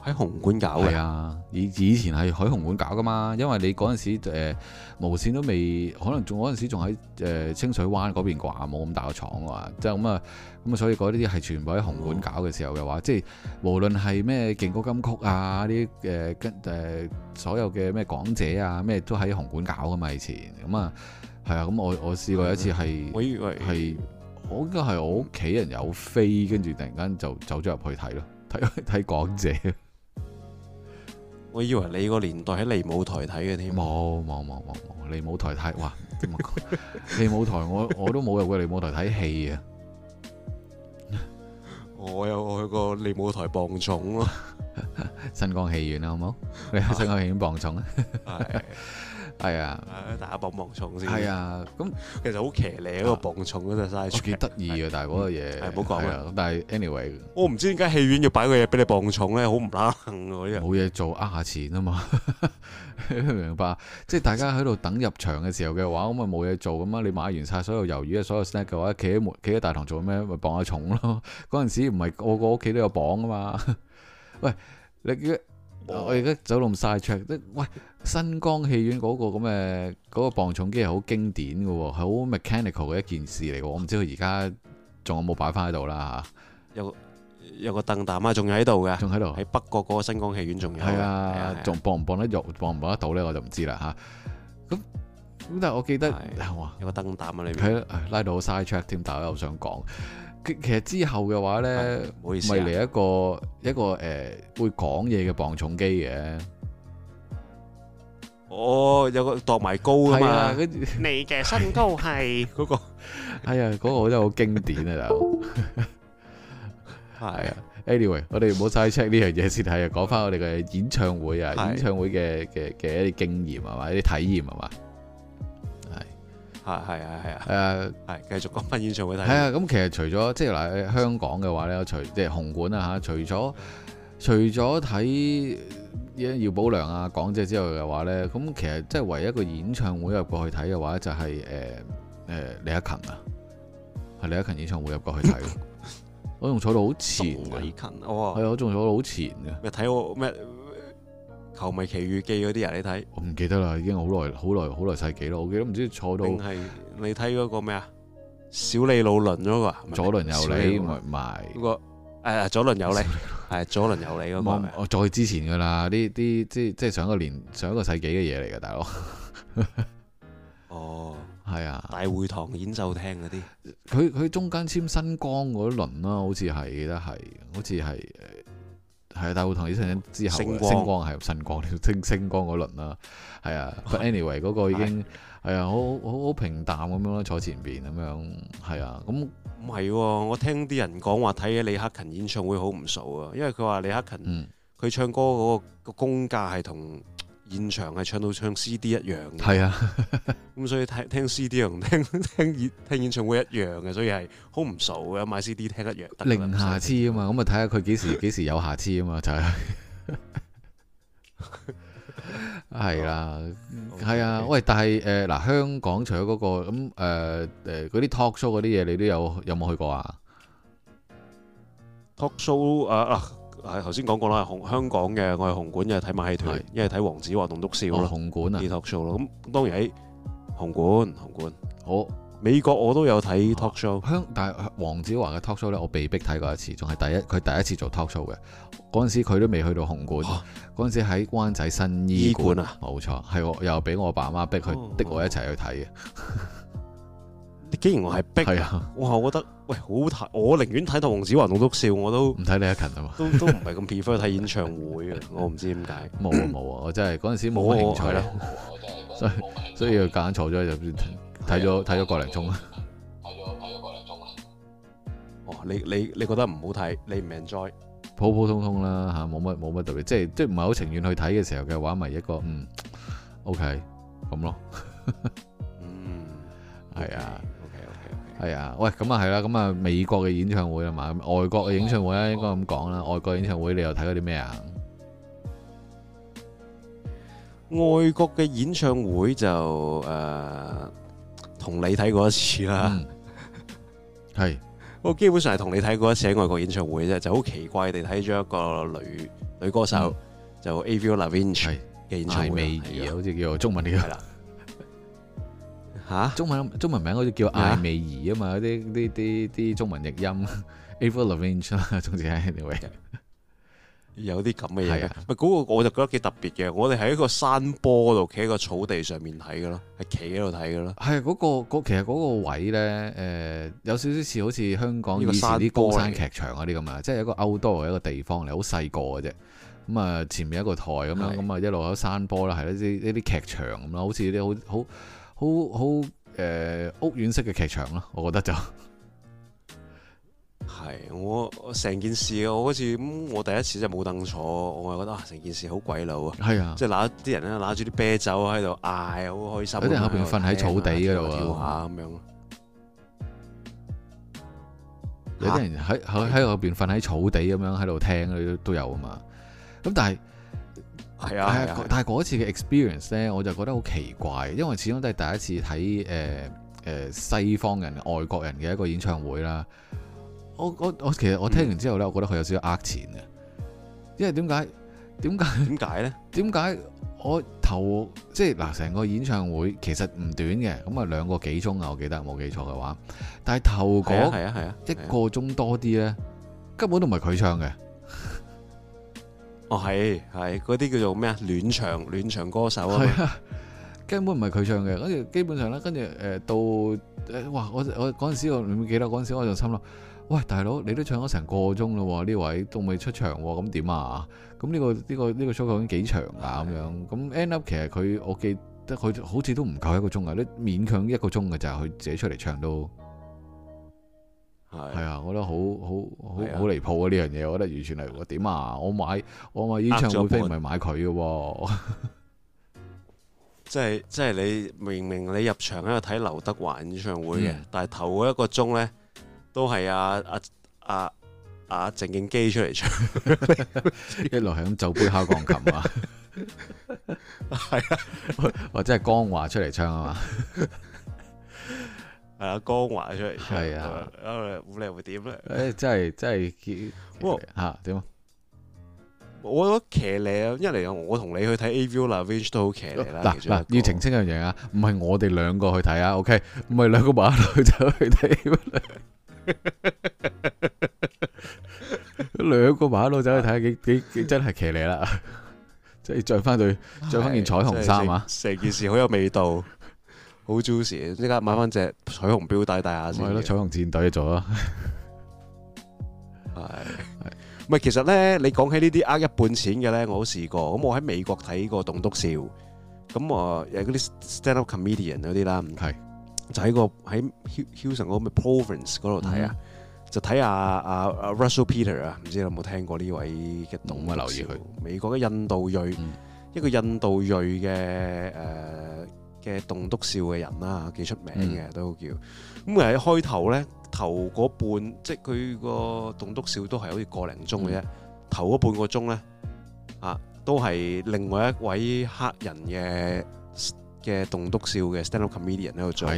喺紅館搞嘅，係啊，以以前係喺紅館搞噶嘛，因為你嗰陣時誒、呃、無線都未，可能仲嗰陣時仲喺誒清水灣嗰邊啩，冇咁大個廠啊，即係咁啊，咁、嗯、啊，所以嗰啲啲係全部喺紅館搞嘅時候嘅話，哦、即係無論係咩勁歌金曲啊，啲誒跟誒所有嘅咩港姐啊，咩都喺紅館搞噶嘛以前，咁啊係啊，咁我我試過有一次係，我以為係我應該係我屋企人有飛，跟住突然間就，就走咗入去睇咯，睇睇港姐。嗯。我以為你個年代喺利舞台睇嘅添，冇冇冇冇冇利舞台睇，哇！利舞 <laughs> 台我我都冇入過利舞台睇戲啊！我有去過利舞台磅重啊！ <laughs> 新光戲院啊，好冇？ <laughs> 你有新光戲院磅重啊！係。 <laughs> <laughs> <laughs> 係啊，大家磅磅重先。係啊，咁、嗯、其實好騎呢個磅重咧，晒嘥。幾得意啊，但係嗰個嘢，唔好講但係，anyway，我唔知點解戲院要擺個嘢俾你磅重咧，好唔啱嘅呢？冇嘢做，呃下錢啊嘛， <laughs> 明白。即係大家喺度等入場嘅時候嘅話，咁啊冇嘢做，咁啊你買完晒所有魷魚、所有 snack 嘅話，企喺企喺大堂做咩？咪磅下重咯。嗰 <laughs> 陣時唔係個個屋企都有磅啊嘛。 <laughs> 喂，你我而家走落咁 side track，喂，新光戲院嗰、嗰個咁嘅嗰個磅重機係好經典嘅喎，係好 mechanical 嘅一件事嚟喎，我唔知佢而家仲有冇擺翻喺度啦嚇。有，有個凳膽啊，仲喺度嘅，仲喺度喺北角嗰個新光戲院仲有。係啊，仲磅唔磅得入，磅唔磅得到咧，我就唔知啦嚇。咁、啊、咁但係我記得是哇有個凳膽啊裏面。拉到好 side track 添，但係我又想講。其實之後嘅話咧，咪嚟、啊啊、一個一個誒、呃、會講嘢嘅磅重機嘅。哦，有個度埋高噶嘛，啊、那你嘅身高係嗰、那個，哎呀、啊，嗰、那個真係好經典啊，大佬係 <laughs> <laughs> 啊。Anyway，我哋唔好再 check 呢樣嘢先，睇啊，講翻我哋嘅演唱會啊，演唱會嘅嘅嘅一啲經驗啊，或者啲體驗啊，嘛。係係係係啊！誒係、啊啊啊、繼續講翻演唱會。係啊，咁、嗯、其實除咗即係嗱香港嘅話咧，除即係紅館啊吓，除咗除咗睇嘢，姚保良啊、港姐之後嘅話咧，咁其實即係唯一一個演唱會入過去睇嘅話，就係，就係誒誒李克勤啊，係李克勤演唱會入過去睇。 <laughs> 我仲、嗯、坐到好前，李克勤，我仲坐到好前嘅。咩睇我咩？球迷奇遇記嗰啲人你睇，我唔記得啦，已經好耐，好耐，好耐世紀啦，我記得唔知坐到。定係你睇嗰個咩啊？小李老輪嗰個，左輪右李，唔係？嗰個誒，左輪右李係左輪右李嗰個？我再之前噶啦，呢啲即即上一個年上一個世紀嘅嘢嚟噶，大佬。 <laughs> 哦，係啊，大會堂演奏廳嗰啲，佢佢中間簽新光嗰一輪啦，好似係，記得係，好似係誒。係，但係會同啲新之後，星光係星，星光，星星光嗰輪啦，係啊。But anyway，嗰個已經係啊，好好好平淡咁樣坐前邊咁樣，係啊。咁唔係喎，我聽啲人講話睇起李克勤演唱會好唔熟啊，因為佢話李克勤佢、嗯、唱歌嗰個個工價係同。現場係唱到唱 CD 一樣嘅，係是啊，咁 <laughs> 所以聽聽 CD 同聽聽，聽演演唱會一樣嘅，所以係好唔熟嘅買 CD 聽得一樣零瑕疵啊嘛，咁啊睇下佢幾時幾時有瑕疵啊嘛，就係、是、係 <laughs> <laughs> 啦，係啊，喂，但係誒嗱香港除咗嗰、那個咁誒誒嗰啲 talk show 嗰啲嘢，你都有有冇去過啊 talk show 啊！啊係頭先講過啦的、哦，紅香港嘅，我係紅館嘅，睇馬戲團，一係睇黃子華棟篤笑，紅館啊，talk show 咯 talk show 咯。咁當然喺紅館，紅館我好美國我都有睇 talk show，香、啊、但係黃子華嘅 talk show 咧，我被逼睇過一次，仲係第一，佢第一次做 talk show 嘅，嗰陣時佢都未去到紅館，嗰陣、哦、時喺灣仔新伊館啊，冇錯，係我又俾我爸媽逼佢逼我一齊去睇嘅。哦哦 <laughs> 既然我係逼，我係覺得喂好睇，我寧願睇黃子華棟篤笑我都唔睇李克勤啊嘛，都都唔係咁 prefer 睇演唱會嘅，我唔知點解冇啊冇啊，我真係嗰陣時冇乜興趣，所以所以佢夾硬坐咗就邊睇咗睇咗個零鐘啊，睇咗睇咗個零鐘啊，哦你你你覺得唔好睇，你唔 enjoy，普普通通啦嚇，冇乜冇乜特別，即係即係唔係好情願去睇嘅時候嘅話，咪一個嗯 OK 咁咯，嗯，係啊。係啊，喂，咁啊係啦，咁啊美國嘅演唱會啊嘛，外國嘅、嗯、演唱會咧，應該咁講啦。嗯、 <laughs> 外國演唱會你又睇過啲咩啊？外國嘅演唱會就誒，同你睇過一次啦。係，我基本上係同你睇過一次喺外國演唱會啫，就好奇怪地睇咗一個女女歌手，嗯、就 Avril Lavigne 嘅演唱會，好似叫、啊、中文呢叫。 <laughs> 嚇，中文中文名好似叫艾美兒啊嘛，嗰啲啲啲啲中文譯音。 <laughs> Avril Lavigne 啦，總之係 anyway 有啲咁嘅嘢。咪嗰、啊那個我就覺得幾特別嘅。我哋喺一個山坡度企喺個草地上面睇㗎咯，係企喺度睇㗎咯。係啊，嗰、那個其實嗰個位咧，誒有少少似好似香港以前啲高山劇場嗰啲咁啊，即係一個 outdoor 嘅一個地方嚟，好細個嘅啫。咁啊，前面一個台咁樣，咁啊一路喺山坡啦，係一啲一啲劇場咁啦，好似啲好好。好好誒屋苑式嘅劇場咯，我覺得就係我成件事啊，我好似咁我第一次即係冇凳坐，我係覺得啊成件事好鬼佬啊，係啊，即係攞啲人咧攞住啲啤酒喺度嗌，好、啊、開心，有啲喺邊瞓喺草地嘅喎，跳下咁樣，啊、有啲人喺喺喺嗰邊瞓喺草地咁樣喺度聽都有啊嘛，咁但係。係啊，啊啊但係嗰次嘅 experience 呢，我就覺得好奇怪，因為始終都係第一次睇誒誒西方人、外國人嘅一個演唱會啦。我我我其實我聽完之後呢，嗯、我覺得佢有少少呃錢嘅，因為點解？點解？點解咧？點解我頭即係嗱，成個演唱會其實唔短嘅，咁啊兩個幾鐘啊，我記得冇記錯嘅話，但係頭嗰、啊啊啊啊、一個鐘多啲呢，根、啊啊、本都唔係佢唱嘅。哦，係係嗰啲叫做咩啊？暖場暖場歌手啊， <laughs> 根本唔係佢唱嘅。跟住基本上咧，跟住誒到誒、呃，哇！我我嗰陣時我唔記得嗰陣時，我就心諗：喂，大佬你都唱咗成個鐘啦，呢位都未出場咁點、哦、啊？咁呢、呢個呢、呢個呢、呢個 show 究竟幾長啊？咁樣咁 end up，其實佢我記得佢好似都唔夠一個鐘啊，你勉強一個鐘嘅就係佢自己出嚟唱都。係啊，我覺得好好好好離譜啊！呢樣嘢，我覺得完全係我點啊！我買我買演唱會飛唔係買佢嘅，即係即係你明明你入場喺度睇劉德華演唱會嘅，但係頭嗰一個鐘呢，都係阿阿阿阿鄭敬基出嚟唱，一路響酒杯敲鋼琴啊，係啊，或者係江華出嚟唱啊嘛。係啊，光華出嚟，係啊，我哋烏嚟會點咧？誒，真係真係幾哇吓點啊！我覺得騎呢，一嚟我同你去睇 AV 啦，which 都好騎呢啦。嗱嗱，要澄清一樣嘢啊，唔係我哋兩個去睇啊，OK？唔係兩個馬佬走去睇乜？兩個馬佬走去睇幾幾幾真係騎呢啦，即係着翻對，着翻件彩虹衫啊！成件事好有味道。好 juicy，即刻買翻隻彩虹錶帶戴下先。係咯，彩虹戰隊咗啦。係係，唔其實咧，你講起呢啲呃一半錢嘅咧，我都試過。咁我喺美國睇過棟篤笑，咁啊，誒嗰啲 stand up comedian 嗰啲啦，唔係就喺個喺 Hilton 嗰個咩 province 嗰度睇啊，就睇阿阿 Russell Peter 啊，唔知你有冇聽過呢位嘅棟篤笑？冇乜留意佢。美國嘅印度裔，嗯、一個印度裔嘅誒。呃嘅棟篤笑嘅人啦，幾出名嘅、嗯、都叫。咁佢喺開頭咧，頭嗰半即係佢個棟篤笑都係好似個零鐘嘅啫。嗯、頭嗰半個鐘咧，啊，都係另外一位黑人嘅嘅棟篤笑嘅 stand up comedian 喺度做。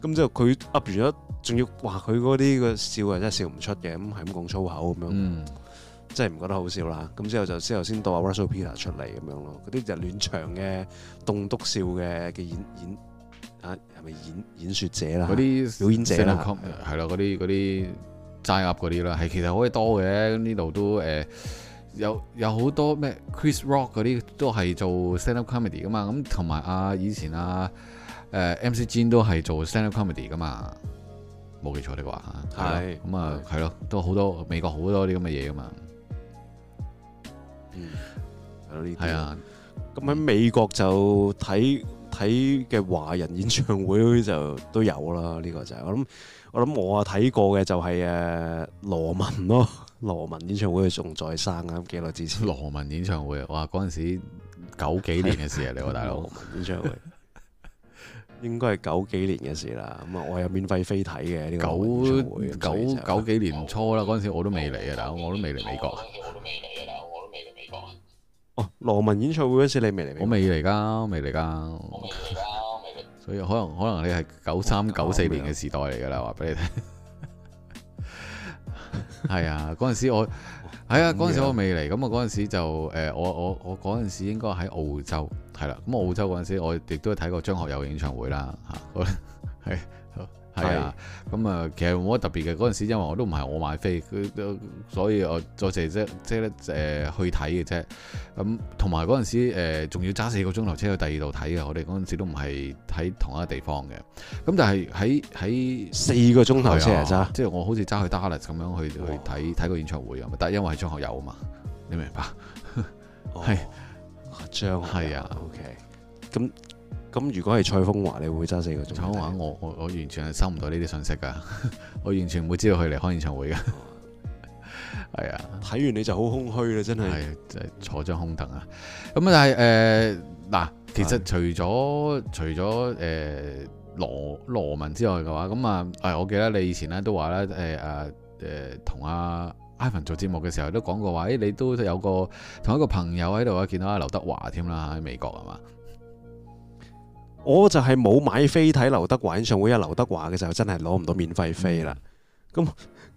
咁之後佢 up 完咗，仲要哇！佢嗰啲個笑啊，真係笑唔出嘅。咁係咁講粗口咁樣。嗯真係唔覺得好笑啦，咁之後就之後先到阿 Russell Peters 出嚟咁樣咯，嗰啲就暖場嘅、棟篤笑嘅嘅演演嚇係咪演演說者啦？嗰啲表演者係係啦，嗰啲啲齋噏嗰啲啦，係其實可以多嘅，呢度都誒有有好多咩 Chris Rock 嗰啲都係做 stand up comedy 噶嘛，咁同埋阿以前阿誒 MC Jin 都係做 stand up comedy 噶嘛，冇記錯你話嚇係，咁啊係咯，都好多美國好多啲咁嘅嘢噶嘛。嗯，係、呢啲、啊。咁喺、嗯、美國就睇睇嘅華人演唱會就都有啦。呢、呢個就係我諗，我諗我啊睇過嘅就係誒羅文咯，羅文演唱會仲在生啊，咁幾耐之前？羅文演唱會，哇！嗰陣時九幾年嘅事啊， <laughs> 你大佬？羅 <laughs> 文演唱會 <laughs> 應該係九幾年嘅事啦。咁啊，我有免費飛睇嘅，呢個、九九、就是、九幾年初啦，嗰陣時我都未嚟啊，大佬，我都未嚟美國啊。 <laughs> 哦，羅文演唱會嗰時你未嚟咩？我未嚟噶，未嚟噶。所以可能可能你係九三九四年嘅時代嚟噶啦，話俾你聽。係 <laughs> 啊，嗰陣時我係、 <laughs> 哎、啊，嗰陣時我未嚟，咁我嗰陣時就誒，我我我嗰陣時應該喺澳洲係啦，咁澳洲嗰陣時我亦都睇過張學友嘅演唱會啦吓，係、啊。係啊，咁、嗯、啊，其實冇乜特別嘅。嗰陣時因為我都唔係我買飛，佢所以我再就即即咧誒去睇嘅啫。咁同埋嗰陣時仲、呃、要揸四個鐘頭車去第二度睇嘅。我哋嗰陣時都唔係喺同一個地方嘅。咁但係喺喺四個鐘頭車揸，啊、駛即係我好似揸去 Dallas 咁樣去、哦、去睇睇個演唱會啊，但係因為係張學友啊嘛，你明白？係 <laughs> 是、哦、張，係啊。OK，咁。咁如果係蔡楓華，你會揸四個鐘？蔡楓華，我我完全係收唔到呢啲信息噶，我完全唔會 <laughs> 知道佢嚟開演唱會噶。係 <laughs> 啊，睇完你就好空虛啦，真係，係坐張空凳啊。咁但係誒嗱，其實除咗是除咗誒、呃、羅羅文之外嘅話，咁啊，誒、呃、我記得你以前咧都話咧，誒、呃、啊誒、呃、同阿 Ivan 做節目嘅時候都講過話，哎、欸，你都有個同一個朋友喺度啊，見到阿劉德華添啦喺美國係嘛？我就係冇買飛睇劉德華演唱會啊！劉德華嘅時候真係攞唔到免費飛啦，咁咁、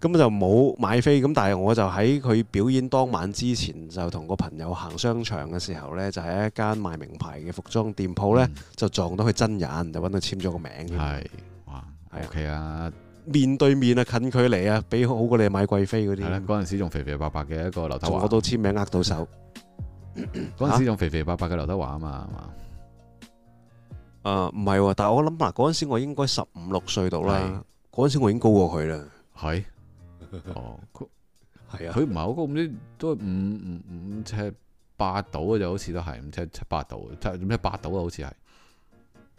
嗯、就冇買飛。咁但係我就喺佢表演當晚之前，就同個朋友行商場嘅時候呢，就喺一間賣名牌嘅服裝店鋪呢，嗯、就撞到佢真人，就揾佢簽咗個名。係哇，O K 啊，okay. 面對面啊，近距離啊，比好過你買貴飛嗰啲。係啦，嗰陣時仲肥肥白白嘅一個劉德華，我都簽名握到手。嗰陣 <laughs> 時仲肥肥白白嘅劉德華啊嘛？誒，唔係喎，但係我諗嗱，嗰陣時我應該十五六歲到啦，嗰陣時我已經高過佢啦。係，哦，係啊，佢唔係好高，唔知都五五五尺八度就好似都係五尺七八度，七五尺八度啊，好似係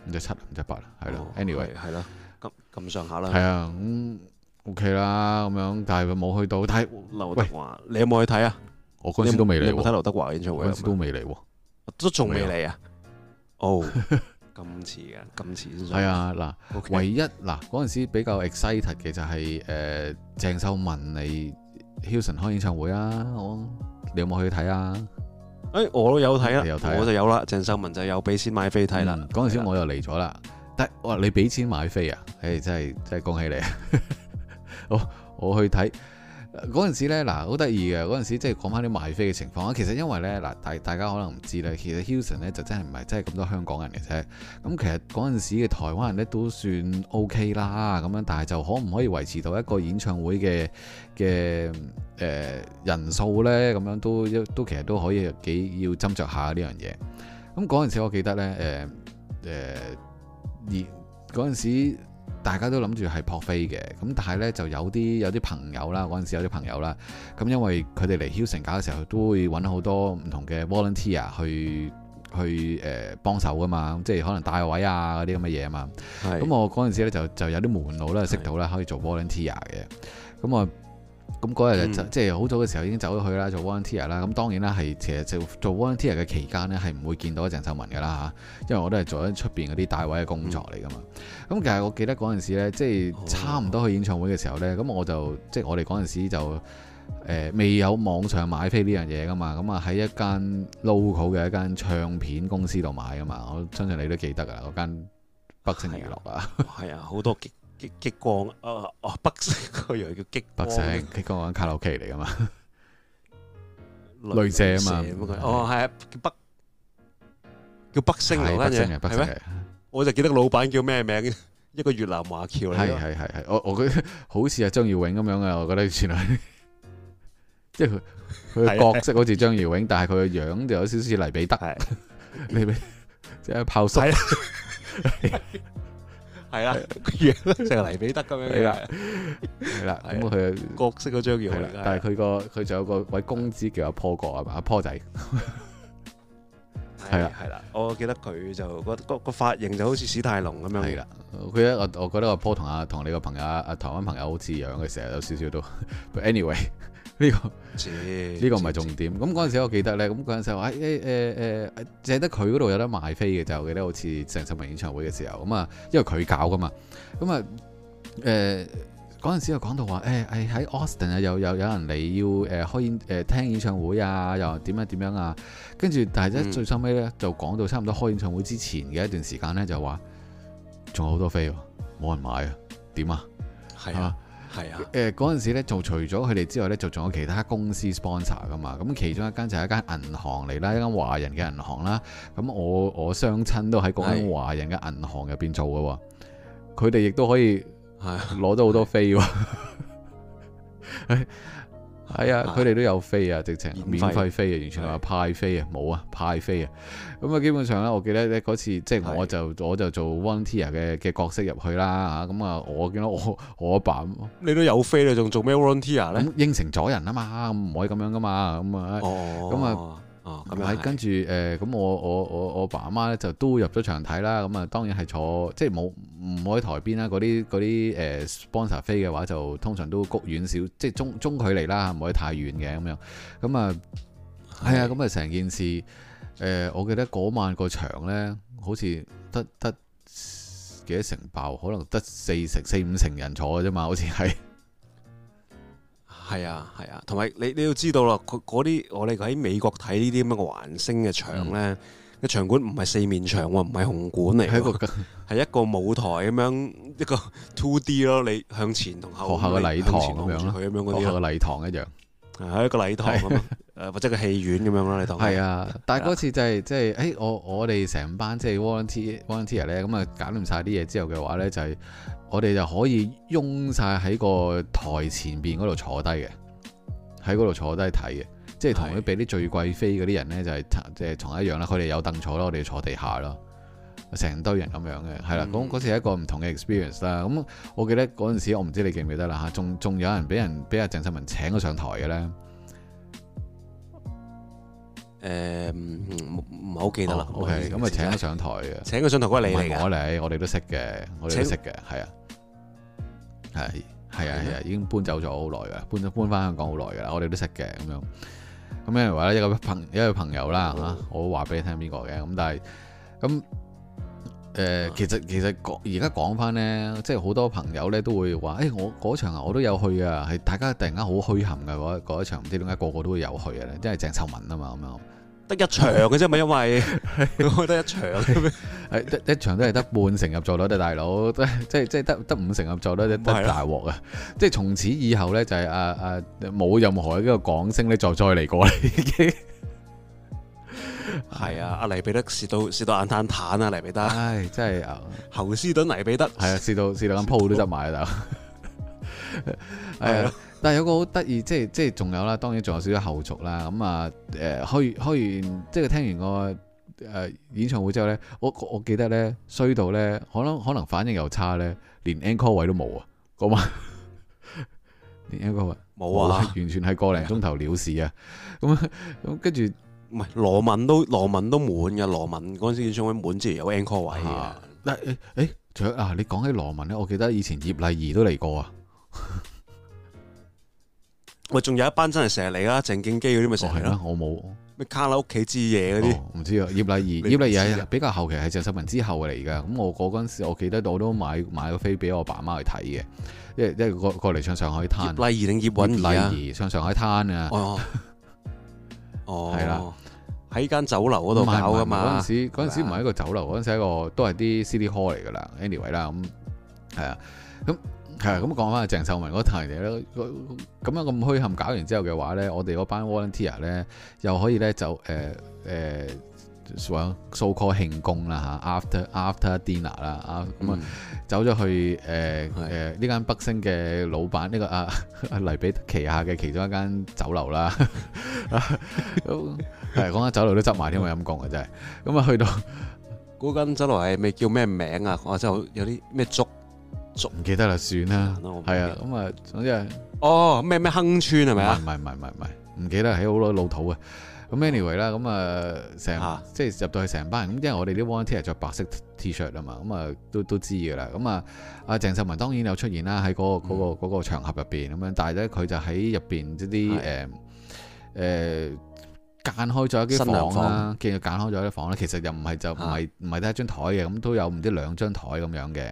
五尺七啦，五尺八啦，係咯。Anyway，係咯，咁咁上下啦。係啊，咁 OK 啦，咁樣，但係佢冇去到睇劉德華，你有冇去睇啊？我嗰陣時都未嚟，你冇睇劉德華演唱會，我嗰陣時都未嚟，都仲未嚟啊？哦。咁遲啊，咁遲先上。啊，嗱，唯一嗱嗰陣時比較 excited 嘅就係、是、誒、呃、鄭秀文你 Hilson 開演唱會啊！我你有冇去睇啊？誒、欸，我都有睇啦、啊，有啊、我就有啦。鄭秀文就有俾錢買飛睇啦。嗰陣、嗯、時我又嚟咗啦，得了，哇你俾錢買飛啊！誒、欸，真係真係恭喜你，我 <laughs> 我去睇。嗰陣時呢，嗱，好得意嘅嗰陣時，即係講翻啲賣飛嘅情況啊。其實因為呢，嗱，大大家可能唔知呢，其實 Hilton 呢就真係唔係真係咁多香港人嚟啫。咁其實嗰陣時嘅台灣人呢都算 OK 啦，咁樣，但係就可唔可以維持到一個演唱會嘅嘅誒人數呢？咁樣都都其實都可以幾要斟酌下呢樣嘢。咁嗰陣時我記得呢，誒誒而嗰陣時。大家都諗住係撲飛嘅，咁但係呢就有啲有啲朋友啦，嗰陣時有啲朋友啦，咁因為佢哋嚟 Houston 搞嘅時候都會揾好多唔同嘅 volunteer 去去誒、呃、幫手噶嘛，即係可能帶位啊嗰啲咁嘅嘢啊嘛，咁是我嗰陣時咧就就有啲門路咧識到咧可以做 volunteer 嘅，咁我。咁嗰日就即係好早嘅時候已經走咗去了啦，做 volunteer 啦。咁當然啦，係其實就做 volunteer 嘅期間呢，係唔會見到鄭秀文嘅啦吓，因為我都係做緊出邊嗰啲大位嘅工作嚟噶嘛。咁、嗯、其實我記得嗰陣時咧，即係差唔多去演唱會嘅時候呢，咁、哦、我就即係我哋嗰陣時就誒、呃、未有網上買飛呢樣嘢噶嘛。咁啊喺一間 local 嘅一間唱片公司度買噶嘛。我相信你都記得噶，嗰間北京娛樂啊。係 <laughs> 啊，好多激光，哦，北星嗰樣叫激光。北星激光玩卡拉 OK 嚟噶嘛？鐳射啊嘛？哦係，叫北叫北星嗰間嘢係咩？我就記得老闆叫咩名？一個越南華僑嚟咯。係係係我我覺得好似阿張耀榮咁樣嘅，我覺得原來即係佢佢角色好似張耀榮，但係佢嘅樣就有少少似黎彼得，你明即係炮叔。係啦，成黎比得咁樣嘅，係啦，係啦。咁佢角色嗰張叫，但係佢個佢仲有個位公子叫阿波哥啊嘛，阿波仔。係啦，係啦，我記得佢就覺得個個髮型就好似史泰龍咁樣。係啦，佢咧我我覺得阿波同阿同你個朋友阿台灣朋友好似樣嘅，成日有少少都。anyway。呢、 <music> 這個呢個唔係重點。咁嗰陣時我記得咧，咁嗰陣時話誒誒誒淨係得佢嗰度有得賣飛嘅，就記得好似鄭秀文演唱會嘅時候。咁啊，因為佢搞噶嘛。咁啊誒嗰陣時又講到話誒係喺 Austin 啊，又、哎哎、又有人嚟要誒開演誒聽演唱會啊，又點樣點樣啊。跟住但係咧最收尾咧就講到差唔多開演唱會之前嘅一段時間咧，就話仲有好多飛喎，冇人買啊，點是啊？係啊。係啊，誒嗰陣時咧就除咗佢哋之外咧，就仲有其他公司 sponsor 噶嘛，咁、嗯、其中一間就係一間銀行嚟啦，一間華人嘅銀行啦，咁我我雙親都喺嗰間華人嘅銀行入邊做嘅喎，佢哋亦都可以攞到好多飛喎。 <laughs> 係啊，佢哋都有飛的啊，直情免費飛啊，完全話派飛啊，冇啊派飛啊，咁啊基本上咧，我記得咧嗰次即係、就是、我就的我就做 volunteer 嘅嘅角色入去啦嚇，咁啊我見到我我阿爸，爸，你都有飛咧，仲做咩 volunteer 咧？呢應承咗人啊嘛，唔可以咁樣㗎嘛，咁啊咁啊。哦哦，咁樣，跟住誒，咁、呃嗯、我我我我爸媽咧就都入咗場睇啦，咁、嗯、啊當然係坐，即係冇唔好喺台邊啦，嗰啲嗰啲誒 sponsor 飛嘅話就通常都谷遠少，即係中中距離啦，唔可以太遠嘅咁樣，咁啊係啊，咁啊成件事誒、呃，我記得嗰晚個場咧，好似得得幾多成爆，可能得四成四五成人坐嘅啫嘛，好似係。 <laughs> 係啊，係啊，同埋你你要知道啦，嗰啲我哋喺美國睇呢啲咁嘅環星嘅場咧，嘅場館唔係四面牆喎，唔係紅館嚟，係一個舞台咁樣，一個 two D 咯，你向前同後學校嘅禮堂咁樣，學校嘅禮堂一樣，係一個禮堂咁樣，或者個戲院咁樣咯，禮堂。係啊，但係嗰次就係即係，誒我我哋成班即係 volunteer volunteer 咧，咁啊搞掂晒啲嘢之後嘅話咧，就係。我哋就可以擁晒喺個台前邊嗰度坐低嘅，喺嗰度坐低睇嘅，即係同佢俾啲最貴飛嗰啲人呢，就係即係同一樣啦。佢哋有凳坐啦，我哋坐地下啦，成堆人咁樣嘅，係啦。咁嗰時一個唔同嘅 experience 啦。咁、嗯、我記得嗰陣時，我唔知你記唔、呃、記得啦嚇。仲仲有人俾人俾阿鄭秀文請咗上台嘅咧。誒，唔好記得啦。OK，咁啊請咗上台嘅，請佢上台嗰係我嚟，我哋都識嘅，我哋都識嘅，係啊請。係，係啊，係啊，啊，已經搬走咗好耐噶，搬咗搬翻香港好耐噶啦，我哋都識嘅咁樣。咁例如話咧，一個朋一個朋友啦嚇，嗯、我話俾你聽邊個嘅咁，但係咁誒，其實其實講而家講翻咧，即係好多朋友咧都會話，誒、欸、我嗰場啊，我都有去啊，係大家突然間好墟冚嘅嗰嗰一場，唔知點解個個都會有去啊咧，即係鄭秀文啊嘛咁樣。得一場嘅啫嘛，因為我得一場，誒， <laughs> 一一場都係得半成入座率，對大佬，即係即係得得五成入座都得大鑊啊！即係的從此以後咧，就係啊啊冇任何呢個港星咧再再嚟過啦，已經係啊！阿黎彼得試到試到眼攤攤啊，黎彼得，唉、哎，真係啊，侯斯頓黎彼得，係啊，試到試到間鋪都執埋啦，就係啊！但係有個好得意，即係即係仲有啦，當然仲有少少後續啦。咁、嗯、啊，誒開完開完，即係聽完個誒演唱會之後咧，我我記得咧衰到咧，可能可能反應又差咧，連 encore 位都冇啊嗰晚。 <laughs> encore 位冇 <laughs> 啊，完全係個零鐘頭了事啊！咁咁跟住，唔係羅文都羅文都滿嘅，羅文嗰陣時雙位滿，即有 encore 位啊。但係誒啊，你講起羅文咧，我記得以前葉麗儀都嚟過啊。 <laughs> 喂，仲有一班真係成日嚟啦，鄭敬基嗰啲咪成日。係啦、哦，我冇。咩卡拉屋、OK、企、哦、之夜嗰啲？唔知啊。葉麗儀，葉麗儀喺比較後期，係鄭秀文之後嚟嘅。咁我嗰陣時，我記得到，我都買買個飛俾我爸媽去睇嘅，即係即係過嚟唱《上海灘》。葉麗儀定葉韻？葉麗儀唱《上海灘》啊。哦。哦。係啦，喺間酒樓嗰度搞噶嘛？嗰陣時，陣時唔係一個酒樓，嗰陣時係一個都係啲 city hall 嚟噶啦。Anyway 啦，咁係啊，咁、嗯。嗯嗯嗯嗯嗯係咁講翻阿鄭秀文嗰台嘢咁樣咁虛陷搞完之後嘅話咧，我哋嗰班 volunteer 咧又可以咧就誒誒，so call 慶功啦吓 after after dinner 啦、uh, 啊、uh, uh，咁啊走咗去誒誒呢間北星嘅老闆呢個阿阿黎比旗下嘅其中一間酒樓啦，係講下酒樓都執埋添，我咁講嘅真係，咁啊去到嗰間酒樓係未叫咩名啊，或者有有啲咩粥？仲唔記得啦，算啦，係、嗯、啊，咁、哦欸 anyway, 啊，總之係哦，咩咩亨村係咪啊？唔係唔係唔係唔記得，係好多老土啊！咁 anyway 啦，咁啊，成即係入到去成班人咁，因為我哋啲 one t i c e t 著白色 T-shirt 啊嘛，咁啊都都知㗎啦。咁啊，阿鄭秀文當然有出現啦，喺嗰、嗰個嗰個嗰個場合入邊咁樣，但係咧佢就喺入邊啲啲誒誒間開咗一啲房啦，見佢間開咗一啲房咧，其實又唔係就唔係唔係得一張台嘅，咁都有唔知兩張台咁樣嘅。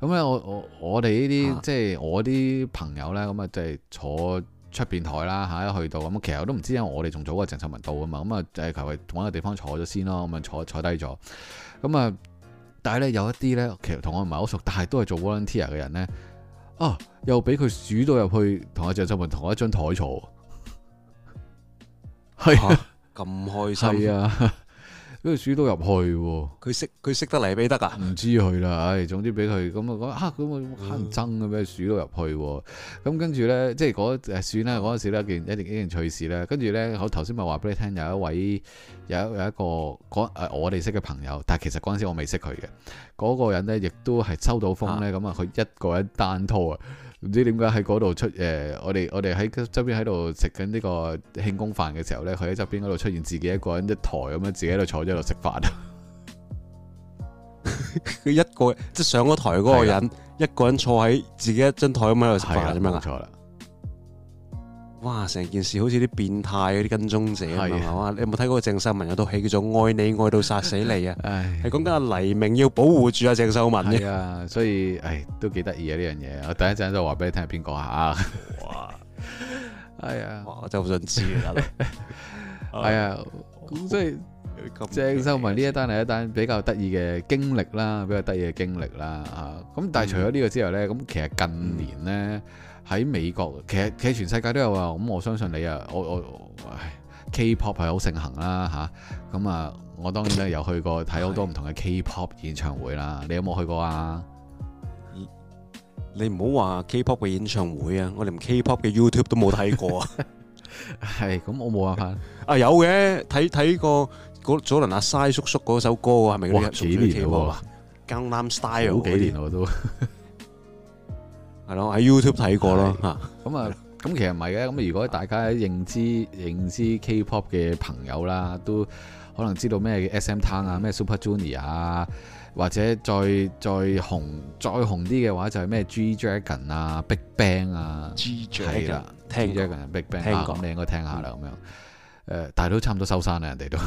咁咧，我我、啊、我哋呢啲即係我啲朋友咧，咁啊即係坐出邊台啦，嚇，去到咁，其實我都唔知，因為我哋仲早過鄭秀文到啊嘛，咁啊就係求其揾個地方坐咗先咯，咁啊坐坐低咗。咁啊，但係咧有一啲咧，其實同我唔係好熟，但係都係做 volunteer 嘅人咧，啊，又俾佢數到入去同阿鄭秀文同一張台坐，係咁、啊、 <laughs> 開心啊！跟住鼠到入去喎，佢識佢識得嚟俾得㗎？唔知佢啦，唉、哎，總之俾佢咁啊，講嚇咁啊，慳憎咁樣鼠到入去喎，咁跟住咧，即係嗰算啦，嗰、那、陣、個、時咧件一定幾件趣事咧，跟住咧，我頭先咪話俾你聽，有一位有有一個嗰我哋識嘅朋友，但係其實嗰陣時我未識佢嘅，嗰、那個人咧亦都係收到風咧，咁啊佢一個人單拖啊。唔知點解喺嗰度出誒、呃，我哋我哋喺周邊喺度食緊呢個慶功飯嘅時候咧，佢喺側邊嗰度出現，自己一個人一台咁樣，自己喺度坐咗喺度食飯。佢 <laughs> <laughs> 一個即係上咗台嗰個人，一個人坐喺自己一張台咁樣喺度食飯咁樣啊！哇！成件事好似啲變態嗰啲跟蹤者咁啊！你有冇睇過鄭秀文有套戲叫做《愛你愛到殺死你》啊？係講緊阿黎明要保護住阿鄭秀文嘅，所以唉都幾得意啊！呢樣嘢我第一陣就話俾你聽係邊個啊？哇！係啊！我就好想知，係啊！咁所以鄭秀文呢一單係一單比較得意嘅經歷啦，比較得意嘅經歷啦啊！咁但係除咗呢個之後咧，咁其實近年咧。喺美國，其實其實全世界都有啊。咁我相信你啊，我我、哎、K-pop 係好盛行啦、啊、吓，咁啊，我當然咧有去過睇好多唔同嘅 K-pop 演唱會啦、啊。的你有冇去過啊？你唔好話 K-pop 嘅演唱會啊！我連 K-pop 嘅 YouTube 都冇睇過啊。係咁， <laughs> 我冇辦法。 <laughs> 啊有嘅，睇睇個嗰左倫阿曬叔叔嗰首歌係咪？好幾年喎。江南、啊、nam style。好幾年我都。年 <laughs> 係咯，喺 YouTube 睇過咯，吓咁啊，咁其實唔係嘅，咁如果大家認知認知 K-pop 嘅朋友啦，都可能知道咩 SM 湯啊，咩 Super Junior 啊，或者再再紅再紅啲嘅話就係咩 G Dragon 啊，Big Bang 啊，G Dragon，G Dragon，Big Bang 咁你應該聽下啦，咁樣，誒，但係都差唔多收山啦，人哋都。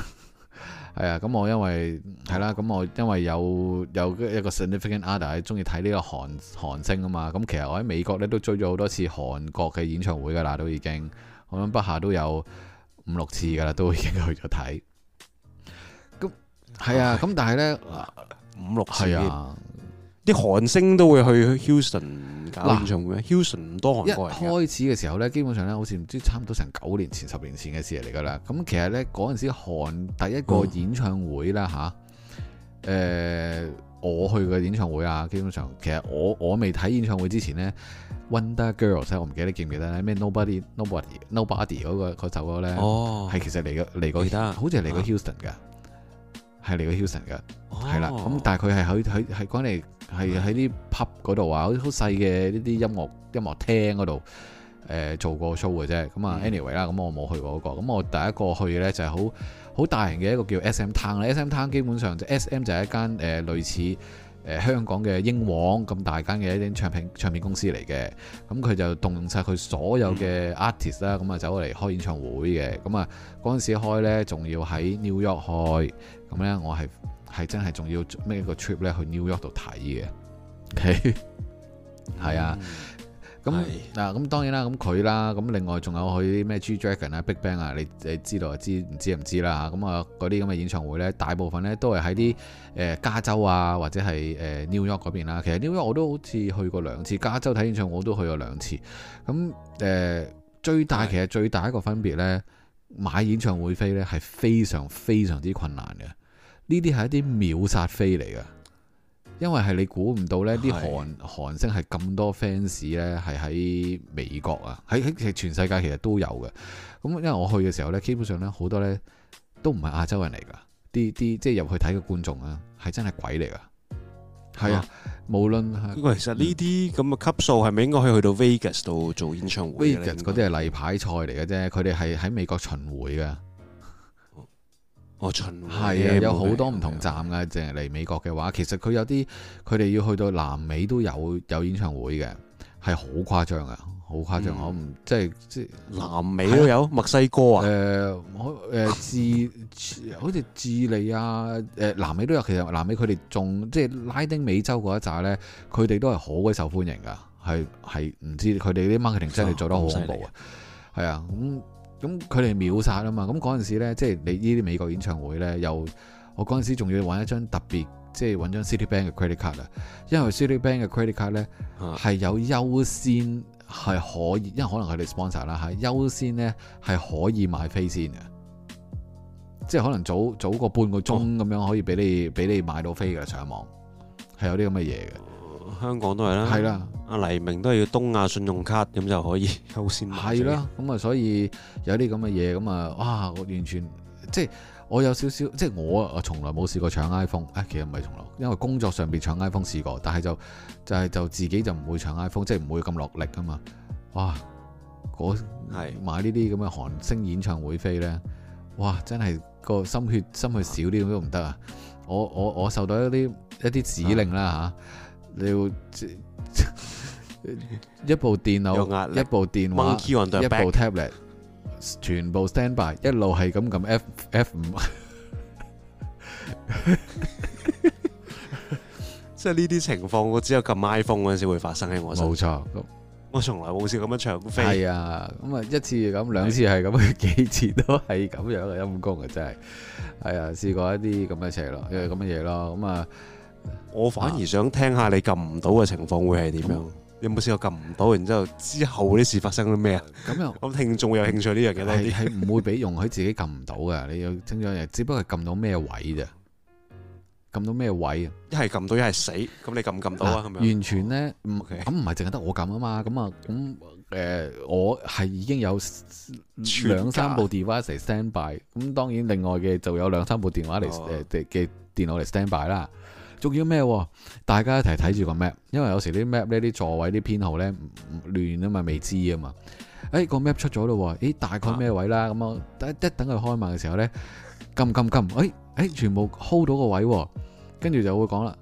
係啊，咁我因為係啦，咁我因為有有一個 significant other 係中意睇呢個韓韓星啊嘛，咁其實我喺美國咧都追咗好多次韓國嘅演唱會噶啦，都已經，我諗北下都有五六次噶啦，都已經去咗睇。咁係唉啊，咁但係咧，五六次，啲的韓星都會去 Houston。演唱會 Houston 唔多韓國人。一開始嘅時候呢，基本上呢，好似唔知差唔多成九年前、十年前嘅事嚟噶啦。咁其實呢，嗰陣時韓第一個演唱會啦，吓、哦，誒、啊呃，我去嘅演唱會啊，基本上其實我我未睇演唱會之前呢 Wonder Girls 我唔記得記唔記得咧，咩 Nobody, Nobody, Nobody、嗰個、Nobody、Nobody 嗰個嗰首歌呢？哦，係其實嚟過嚟過其他，好似係嚟過 Houston 噶。啊係你個 Hilton 嘅，係啦。咁但係佢係喺喺喺講嚟係喺啲 pub 嗰度啊，好似好細嘅呢啲音樂音樂廳嗰度誒做過 show 嘅啫。咁啊，anyway 啦，咁我冇去過嗰個。咁我第一個去咧就係好好大型嘅一個叫 SM Town 啦。SM Town 基本上就 SM 就係一間誒類似誒香港嘅英皇咁大間嘅一間唱片唱片公司嚟嘅。咁佢就動用曬佢所有嘅 artist 啦，咁啊走嚟開演唱會嘅。咁啊嗰陣時開咧，仲要喺 New York 開。咁咧，我係係真係仲要咩個 trip 咧去紐約度睇嘅，OK，係 <laughs> 啊，咁嗱，咁當然啦，咁佢啦，咁另外仲有去啲咩 G Dragon 啊、Big Bang 啊，你你知道知唔知唔知，知啦咁啊，嗰啲咁嘅演唱會咧，大部分咧都係喺啲誒加州啊，或者係誒紐約嗰邊啦。其實紐約我都好似去過兩次，加州睇演唱會我都去過兩次。咁誒、呃，最大的其實最大一個分別咧。買演唱會飛呢係非常非常之困難嘅，呢啲係一啲秒殺飛嚟嘅，因為係你估唔到呢啲的韓韓星係咁多 fans 呢係喺美國啊，喺喺其實全世界其實都有嘅。咁因為我去嘅時候呢，基本上呢好多呢都唔係亞洲人嚟㗎，啲啲即係入去睇嘅觀眾啊，係真係鬼嚟㗎。係啊，啊無論係，不過其實呢啲咁嘅級數係咪應該可以去到 Vegas 度做演唱會？Vegas 嗰啲係例牌賽嚟嘅啫，佢哋係喺美國巡迴嘅。哦，巡迴？係啊，什有好多唔同站㗎，淨係嚟美國嘅話，其實佢有啲佢哋要去到南美都有有演唱會嘅。係好誇張嘅，好誇張嚇，唔、嗯、即係即係南美都有，墨、啊、西哥啊，誒我誒智好似智，智利啊，誒、呃、南美都有，其實南美佢哋仲，即係拉丁美洲嗰一紮咧，佢哋都係好鬼受歡迎噶，係係，唔知佢哋啲 marketing 真係做得好恐怖、哦嗯、啊，係啊，咁咁佢哋秒殺啊嘛，咁嗰陣時咧，即係你呢啲美國演唱會咧，又我嗰陣時仲要玩一張特別。即係揾張 Citibank 嘅 credit card 啊，因為 Citibank 嘅 credit card 咧係有優先係可以，因為可能佢哋 sponsor 啦嚇，優先咧係可以買飛先嘅，即係可能早早個半個鐘咁樣可以俾你俾、哦、你買到飛嘅上網，係有啲咁嘅嘢嘅。香港都係啦，係啦，阿黎明都係要東亞信用卡咁就可以優先買。係啦，咁、嗯、啊，所以有啲咁嘅嘢，咁、嗯、啊，哇，我完全即係。我有少少，即係我啊，從來冇試過搶 iPhone、哎。啊，其實唔係從來，因為工作上面搶 iPhone 試過，但係就就係、是、就自己就唔會搶 iPhone，即係唔會咁落力啊嘛。哇！嗰、嗯、買呢啲咁嘅韓星演唱會飛呢，哇！真係個心血心血少啲都唔得啊！我我我受到一啲一啲指令啦嚇、啊啊，你要 <laughs> 一部電腦、一部電話、一部 tablet。全部 stand by，一路係咁撳 F F 五，即係呢啲情況，我只有撳 iPhone 嗰陣時會發生喺我身上。冇錯，我從來冇試過咁樣搶飛。係啊，咁啊一次係咁，兩次係咁，幾次都係咁樣嘅陰功啊！真係，係啊，試過一啲咁嘅嘢咯，因為咁嘅嘢咯。咁啊，我反而想聽下你撳唔到嘅情況會係點樣？有冇試過撳唔到？然之後之後啲事發生咗咩啊？咁、嗯、又咁 <laughs> 聽眾會有興趣呢樣嘢咯。係係唔會俾容許自己撳唔到嘅。你有清楚，又只不過係撳到咩位啫？撳到咩位啊？一係撳到一係死。咁你撳唔撳到啊？咁樣完全咧咁唔係淨係得我撳啊嘛？咁啊咁誒，我係已經有兩三部電話嚟 stand by 家。咁當然另外嘅就有兩三部電話嚟誒嘅電腦嚟 stand by 啦。仲要咩？大家一齊睇住個 map，因為有時啲 map 呢啲座位啲編號呢，亂啊嘛，未知啊嘛。誒、哎，個 map 出咗咯，咦？大概咩位啦？咁啊，我一等佢開埋嘅時候呢，撳撳撳，誒誒、哎哎，全部 hold 到個位，跟住就會講啦。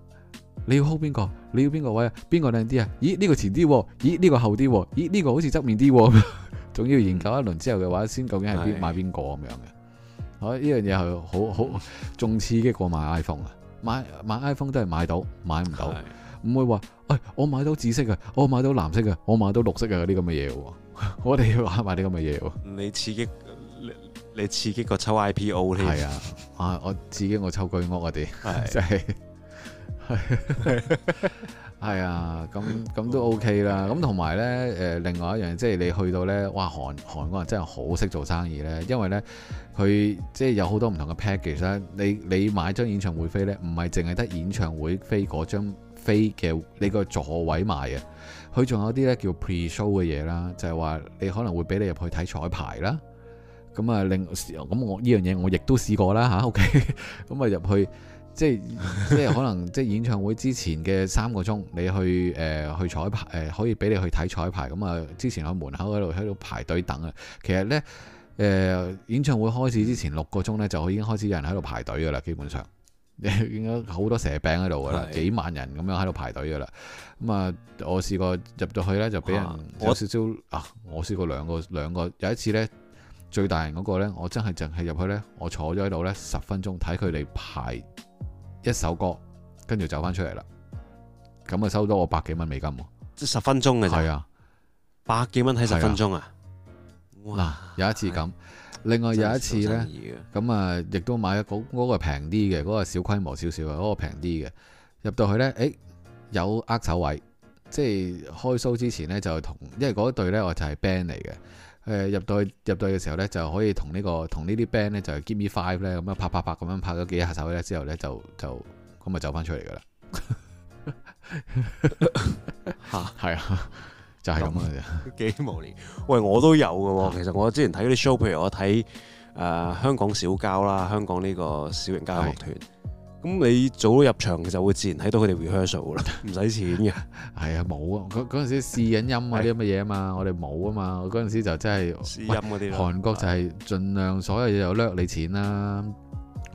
你要 hold 邊個？你要邊個位啊？邊個靚啲啊？咦？呢個前啲、啊，咦？呢個後啲、啊，咦？呢個好似側面啲、啊，仲 <laughs> 要研究一輪之後嘅話，先究竟係邊、哎、買邊個咁樣嘅。啊，呢樣嘢係好好仲刺激過買 iPhone 啊！買買 iPhone 都係買到，買唔到，唔是的 會話，哎，我買到紫色嘅，我買到藍色嘅，我買到綠色嘅嗰啲咁嘅嘢喎， <laughs> 我哋要玩埋啲咁嘅嘢喎。你刺激，你刺激個抽 IPO 添的。係啊，啊，我刺激我抽居屋啊，哋、就是，即係。係啊，咁咁都 OK 啦。咁同埋呢，誒、呃，另外一樣即係你去到呢，哇，韓韓國人真係好識做生意呢！因為呢，佢即係有好多唔同嘅 package。其實你你買張演唱會飛呢，唔係淨係得演唱會飛嗰張飛嘅你個座位賣啊。佢仲有啲呢，叫 pre-show 嘅嘢啦，就係、是、話你可能會俾你入去睇彩排啦。咁啊，另咁我呢樣嘢我亦都試過啦吓、啊、OK，咁啊入去。 <laughs> 即係即係，可能即係演唱會之前嘅三個鐘，你去誒、呃、去彩排誒、呃，可以俾你去睇彩排咁啊、嗯。之前喺門口嗰度喺度排隊等啊。其實呢，誒、呃、演唱會開始之前六個鐘呢，就已經開始有人喺度排隊㗎喇。基本上應該好多蛇餅喺度㗎喇， <laughs> 幾萬人咁樣喺度排隊㗎喇。咁、嗯、啊，我試過入咗去呢，就俾人有少少啊。我試、啊、過兩個兩個有一次呢，最大人嗰個呢，我真係淨係入去呢，我坐咗喺度呢十分鐘睇佢哋排，一首歌，跟住走翻出嚟啦，咁啊收多我百幾蚊美金，即十分鐘嘅就係啊，百幾蚊喺十分鐘啊，嗱哇有一次咁，啊、另外有一次呢，咁啊亦都買、嗰個嗰個、一個嗰個平啲嘅，嗰、嗰個小規模少少嘅，嗰、嗰個平啲嘅，入到去呢，誒、欸、有握手位，即係開 show 之前呢，就同，因為嗰對呢，我就係 band 嚟嘅。誒，入到入到去嘅時候咧，就可以同、這個、呢個同呢啲 band 咧，就係 Gimme Five 咧，咁啊拍拍拍咁樣拍咗幾下手咧，之後咧就就咁啊走翻出嚟㗎啦。吓？係啊，就係咁嘅啫。幾無聊。喂，我都有㗎喎。其實我之前睇嗰啲 show，譬如我睇誒、呃、香港小交啦，香港呢個小型交響樂樂團。咁你早入場就會自然睇到佢哋 rehearsal 啦，唔使 <laughs> 錢嘅。係啊，冇啊，嗰嗰陣時試緊音啊啲咁嘅嘢啊嘛， <laughs> 我哋冇啊嘛，嗰陣時就真係試音嗰啲喂。韓國就係盡量所有嘢就掠你錢啦、啊。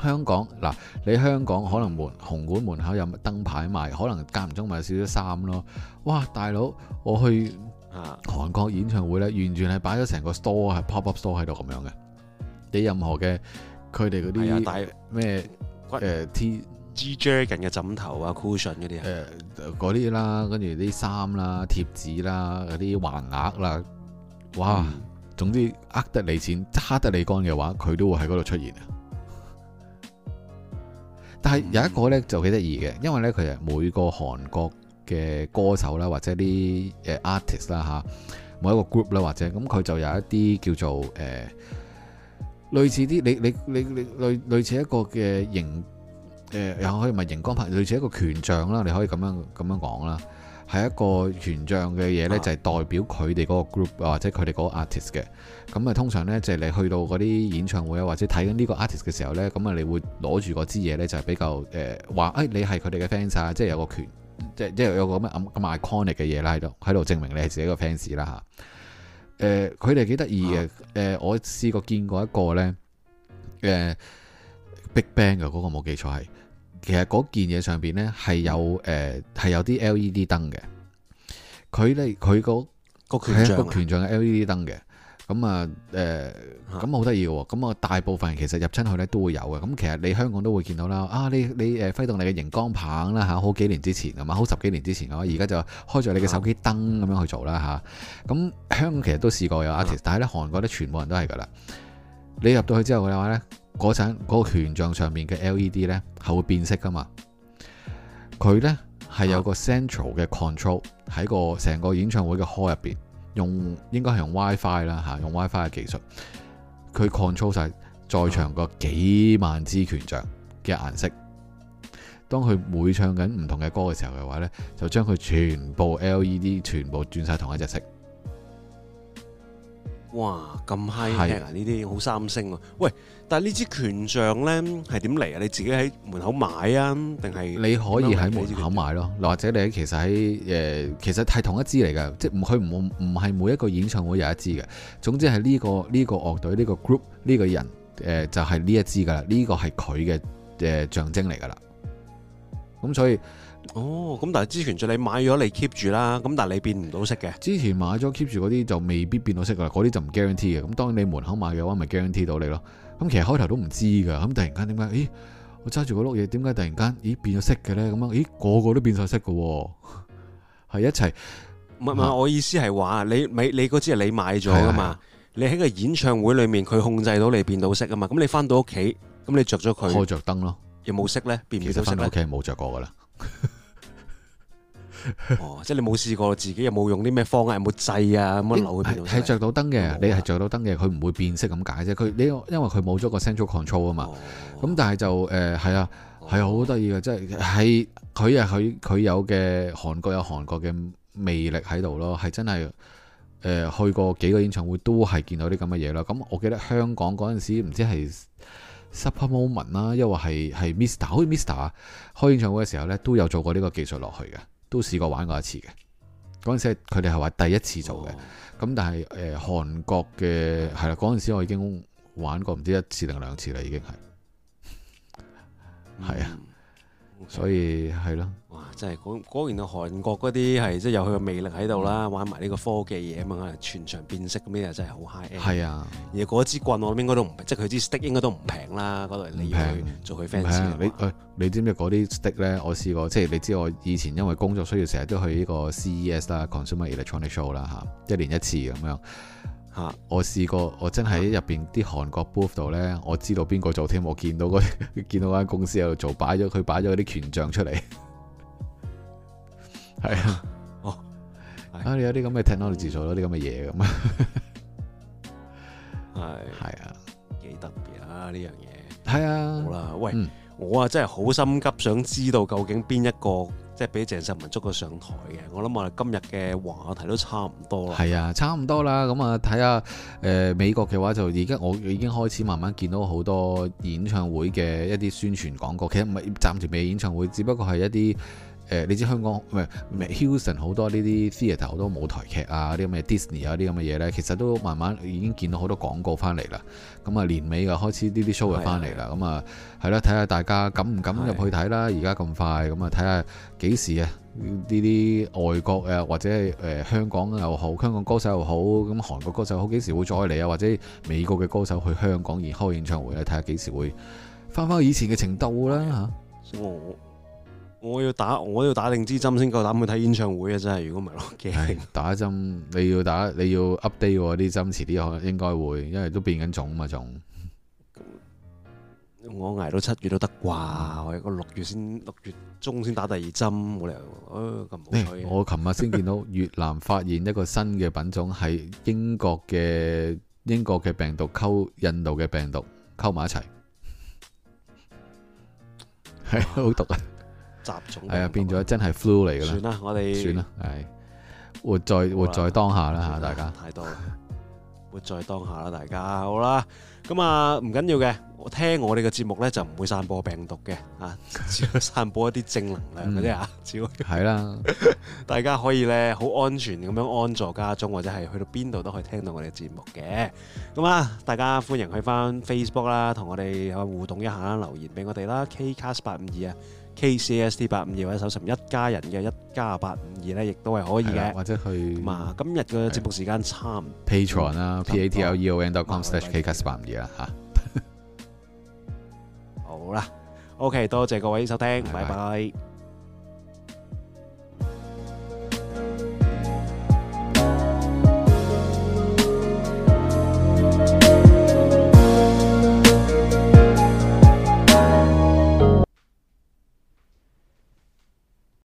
香港嗱，你香港可能門紅館門口有燈牌賣，可能間唔中賣少少衫咯。哇，大佬，我去韓國演唱會咧，完全係擺咗成個 store 係 pop up store 喺度咁樣嘅。你任何嘅佢哋嗰啲咩？是誒、呃、G-Dragon 嘅枕頭啊，cushion 嗰啲啊，誒嗰啲啦，跟住啲衫啦、貼紙啦、嗰啲橫額啦，哇！嗯、總之呃得你錢，榨得你乾嘅話，佢都會喺嗰度出現啊！但係有一個咧就幾得意嘅，因為咧佢係每個韓國嘅歌手啦，或者啲誒 artist 啦吓，每一個 group 啦，或者咁佢、嗯、就有一啲叫做誒。呃類似啲你你你你類似一個嘅熒誒，又可以唔係熒光棒，類似一個權、呃、杖啦。你可以咁樣咁樣講啦，係一個權杖嘅嘢呢，啊、就係代表佢哋嗰個 group 或者佢哋嗰個 artist 嘅。咁啊，通常呢，就係、是、你去到嗰啲演唱會啊，或者睇緊呢個 artist 嘅時候呢，咁啊，你會攞住嗰支嘢呢，就係、是、比較誒話誒，呃、你係佢哋嘅 fans 啊，即係有個權，即係即係有個咁咁、就是、iconic 嘅嘢啦，喺度喺度證明你係自己個 fans 啦嚇。誒，佢哋幾得意嘅。誒，我試過見過一個咧，誒，Big Bang 嘅嗰個，冇記錯係，其實嗰件嘢上邊咧係有誒係有啲 LED 燈嘅。佢咧，佢個個係一個權杖嘅 LED 燈嘅。咁啊，誒，咁好得意喎！咁啊，大部分人其實入親去咧都會有嘅。咁其實你香港都會見到啦。啊，你你誒揮動你嘅熒光棒啦嚇、啊，好幾年之前啊嘛，好十幾年之前啊，而家就開咗你嘅手機燈咁樣去做啦吓，咁香港其實都試過有 artist、嗯，但係咧韓國咧全部人都係噶啦。你入到去之後嘅話咧，嗰陣嗰個權杖上面嘅 LED 咧係會變色噶嘛。佢咧係有個 central 嘅 control 喺個成個演唱會嘅 hall 入邊。應該用應該係用 WiFi 啦嚇，用 WiFi 嘅技術，佢 control 曬在場嗰幾萬支權杖嘅顏色。當佢每唱緊唔同嘅歌嘅時候嘅話呢，就將佢全部 LED 全部轉晒同一隻色。哇，咁 high 啊是的！呢啲好三星喎、啊。喂，但係呢支權杖呢，係點嚟啊？你自己喺門口買啊，定係你可以喺門口買咯、啊？或者你其實喺誒、呃，其實係同一支嚟嘅，即係唔佢唔唔係每一個演唱會有一支嘅。總之係呢、呢個呢、呢個樂隊呢、呢個 group 呢個人誒、呃、就係、是、呢一支噶啦，呢、這個係佢嘅誒象徵嚟噶啦。咁所以。哦，咁但係之前就你買咗，你 keep 住啦。咁但係你變唔到色嘅。之前買咗 keep 住嗰啲就未必變到色噶啦。嗰啲就唔 guarantee 嘅。咁當然你門口買嘅話，咪 guarantee 到你咯。咁其實開頭都唔知噶。咁突然間點解？咦，我揸住個碌嘢，點解突然間咦變咗色嘅咧？咁樣咦，咦個個都變晒色噶，係一齊。唔係唔係，啊、我意思係話你你嗰支係你買咗噶嘛？的你喺個演唱會裏面佢控制到你變到色啊嘛？咁你翻到屋企咁你着咗佢開着燈咯，有冇色咧？變唔到色。其實翻到屋企冇着過噶啦。 <laughs> 哦，即係你冇試過自己又冇用啲咩方案冇掣啊，咁你樣流喺邊度？係着到燈嘅，燈啊、你係着到燈嘅，佢唔會變色咁解啫。佢呢因為佢冇咗個 central control 啊嘛，咁、哦、但係就誒係、呃、啊，係好得意嘅，哦、即係係佢啊佢佢有嘅韓國有韓國嘅魅力喺度咯，係真係誒、呃、去過幾個演唱會都係見到啲咁嘅嘢啦。咁我記得香港嗰陣時唔知係。Supermoment 啦，因為係係 Mr. 好似 Mr. 啊，開演唱會嘅時候呢，都有做過呢個技術落去嘅，都試過玩過一次嘅。嗰陣時佢哋係話第一次做嘅，咁但係誒、呃、韓國嘅係啦，嗰陣時我已經玩過唔知一次定兩次啦，已經係，係啊，所以係咯。哇！真係果然啊，韓國嗰啲係即係有佢嘅魅力喺度啦，嗯、玩埋呢個科技嘢啊嘛，可能全場變色咁樣又真係好 high。係啊，而嗰支棍我諗應該都唔即係佢支 stick 應該都唔平啦。嗰度你要去做佢 fans 吧。你知唔知嗰啲 stick 咧？我試過即係你知我以前因為工作需要成日都去呢個 CES 啦、Consumer Electronic Show 啦嚇，一年一次咁樣嚇。啊、我試過我真係喺入邊啲韓國 booth 度咧，我知道邊個做添。我見到、嗰個見到間公司喺度做，擺咗佢擺咗嗰啲權杖出嚟。係啊，哦，啊你有啲咁嘅，聽我哋自嘲咯，啲咁嘅嘢咁啊，係係啊，幾特別啊呢樣嘢，係、嗯、 <laughs> 啊，好啦，喂，我啊真係好心急，想知道究竟邊一個即係俾鄭秀文捉咗上台嘅？我諗我哋今日嘅話題都差唔多啦，係啊，差唔多啦，咁啊睇下，誒、呃，美國嘅話就而家我已經開始慢慢見到好多演唱會嘅一啲宣傳廣告，其實唔係暫時未演唱會，只不過係一啲。誒，你知香港唔係 Hilton 好多呢啲 Theatre，好多舞台劇啊啲咁嘅 Disney 啊啲咁嘅嘢咧，其實都慢慢已經見到好多廣告翻嚟啦。咁啊，年尾又開始呢啲 show 又翻嚟啦。咁啊，係咯，睇下大家敢唔敢入去睇啦？而家咁快，咁啊，睇下幾時啊？呢啲外國誒或者係誒香港又好，香港歌手又好，咁韓國歌手好幾時會再嚟啊？或者美國嘅歌手去香港而開演唱會咧？睇下幾時會翻翻以前嘅程度啦嚇。嗯。我要打，我要打定支針先夠膽去睇演唱會啊！真係，如果唔係攞鏡打針，你要打你要 update 啲針，遲啲可能應該會，因為都變緊種嘛種。我捱到七月都得啩？我一個六月先六月中先打第二針冇理由。誒、欸，我琴日先見到越南發現一個新嘅品種，係英國嘅 <laughs> 英國嘅病毒溝印度嘅病毒溝埋一齊，係 <laughs> <laughs> 好毒啊！雜係啊，變咗真係 flu 嚟噶啦！算啦，我哋算啦，係活在吧活在當下啦吓，吧大家太多， <laughs> 活在當下啦，大家好啦。咁啊，唔緊要嘅，我聽我哋嘅節目咧就唔會散播病毒嘅啊， <laughs> 只係散播一啲正能量嘅啫啊，嗯、只要係啦， <laughs> 大家可以咧好安全咁樣安坐家中，或者係去到邊度都可以聽到我哋嘅節目嘅。咁啊， <laughs> 大家歡迎去翻 Facebook 啦，同我哋互動一下啦，留言俾我哋啦，Kcast 八五二啊。KCST 八五二或者搜尋一家人嘅一家八五二咧，亦都係可以嘅，或者去嘛。今日嘅節目時間差唔多。Patreon 啊，P A T L E O N com slash K C S T 八五二啊嚇。好啦，OK，多謝各位收聽，拜拜。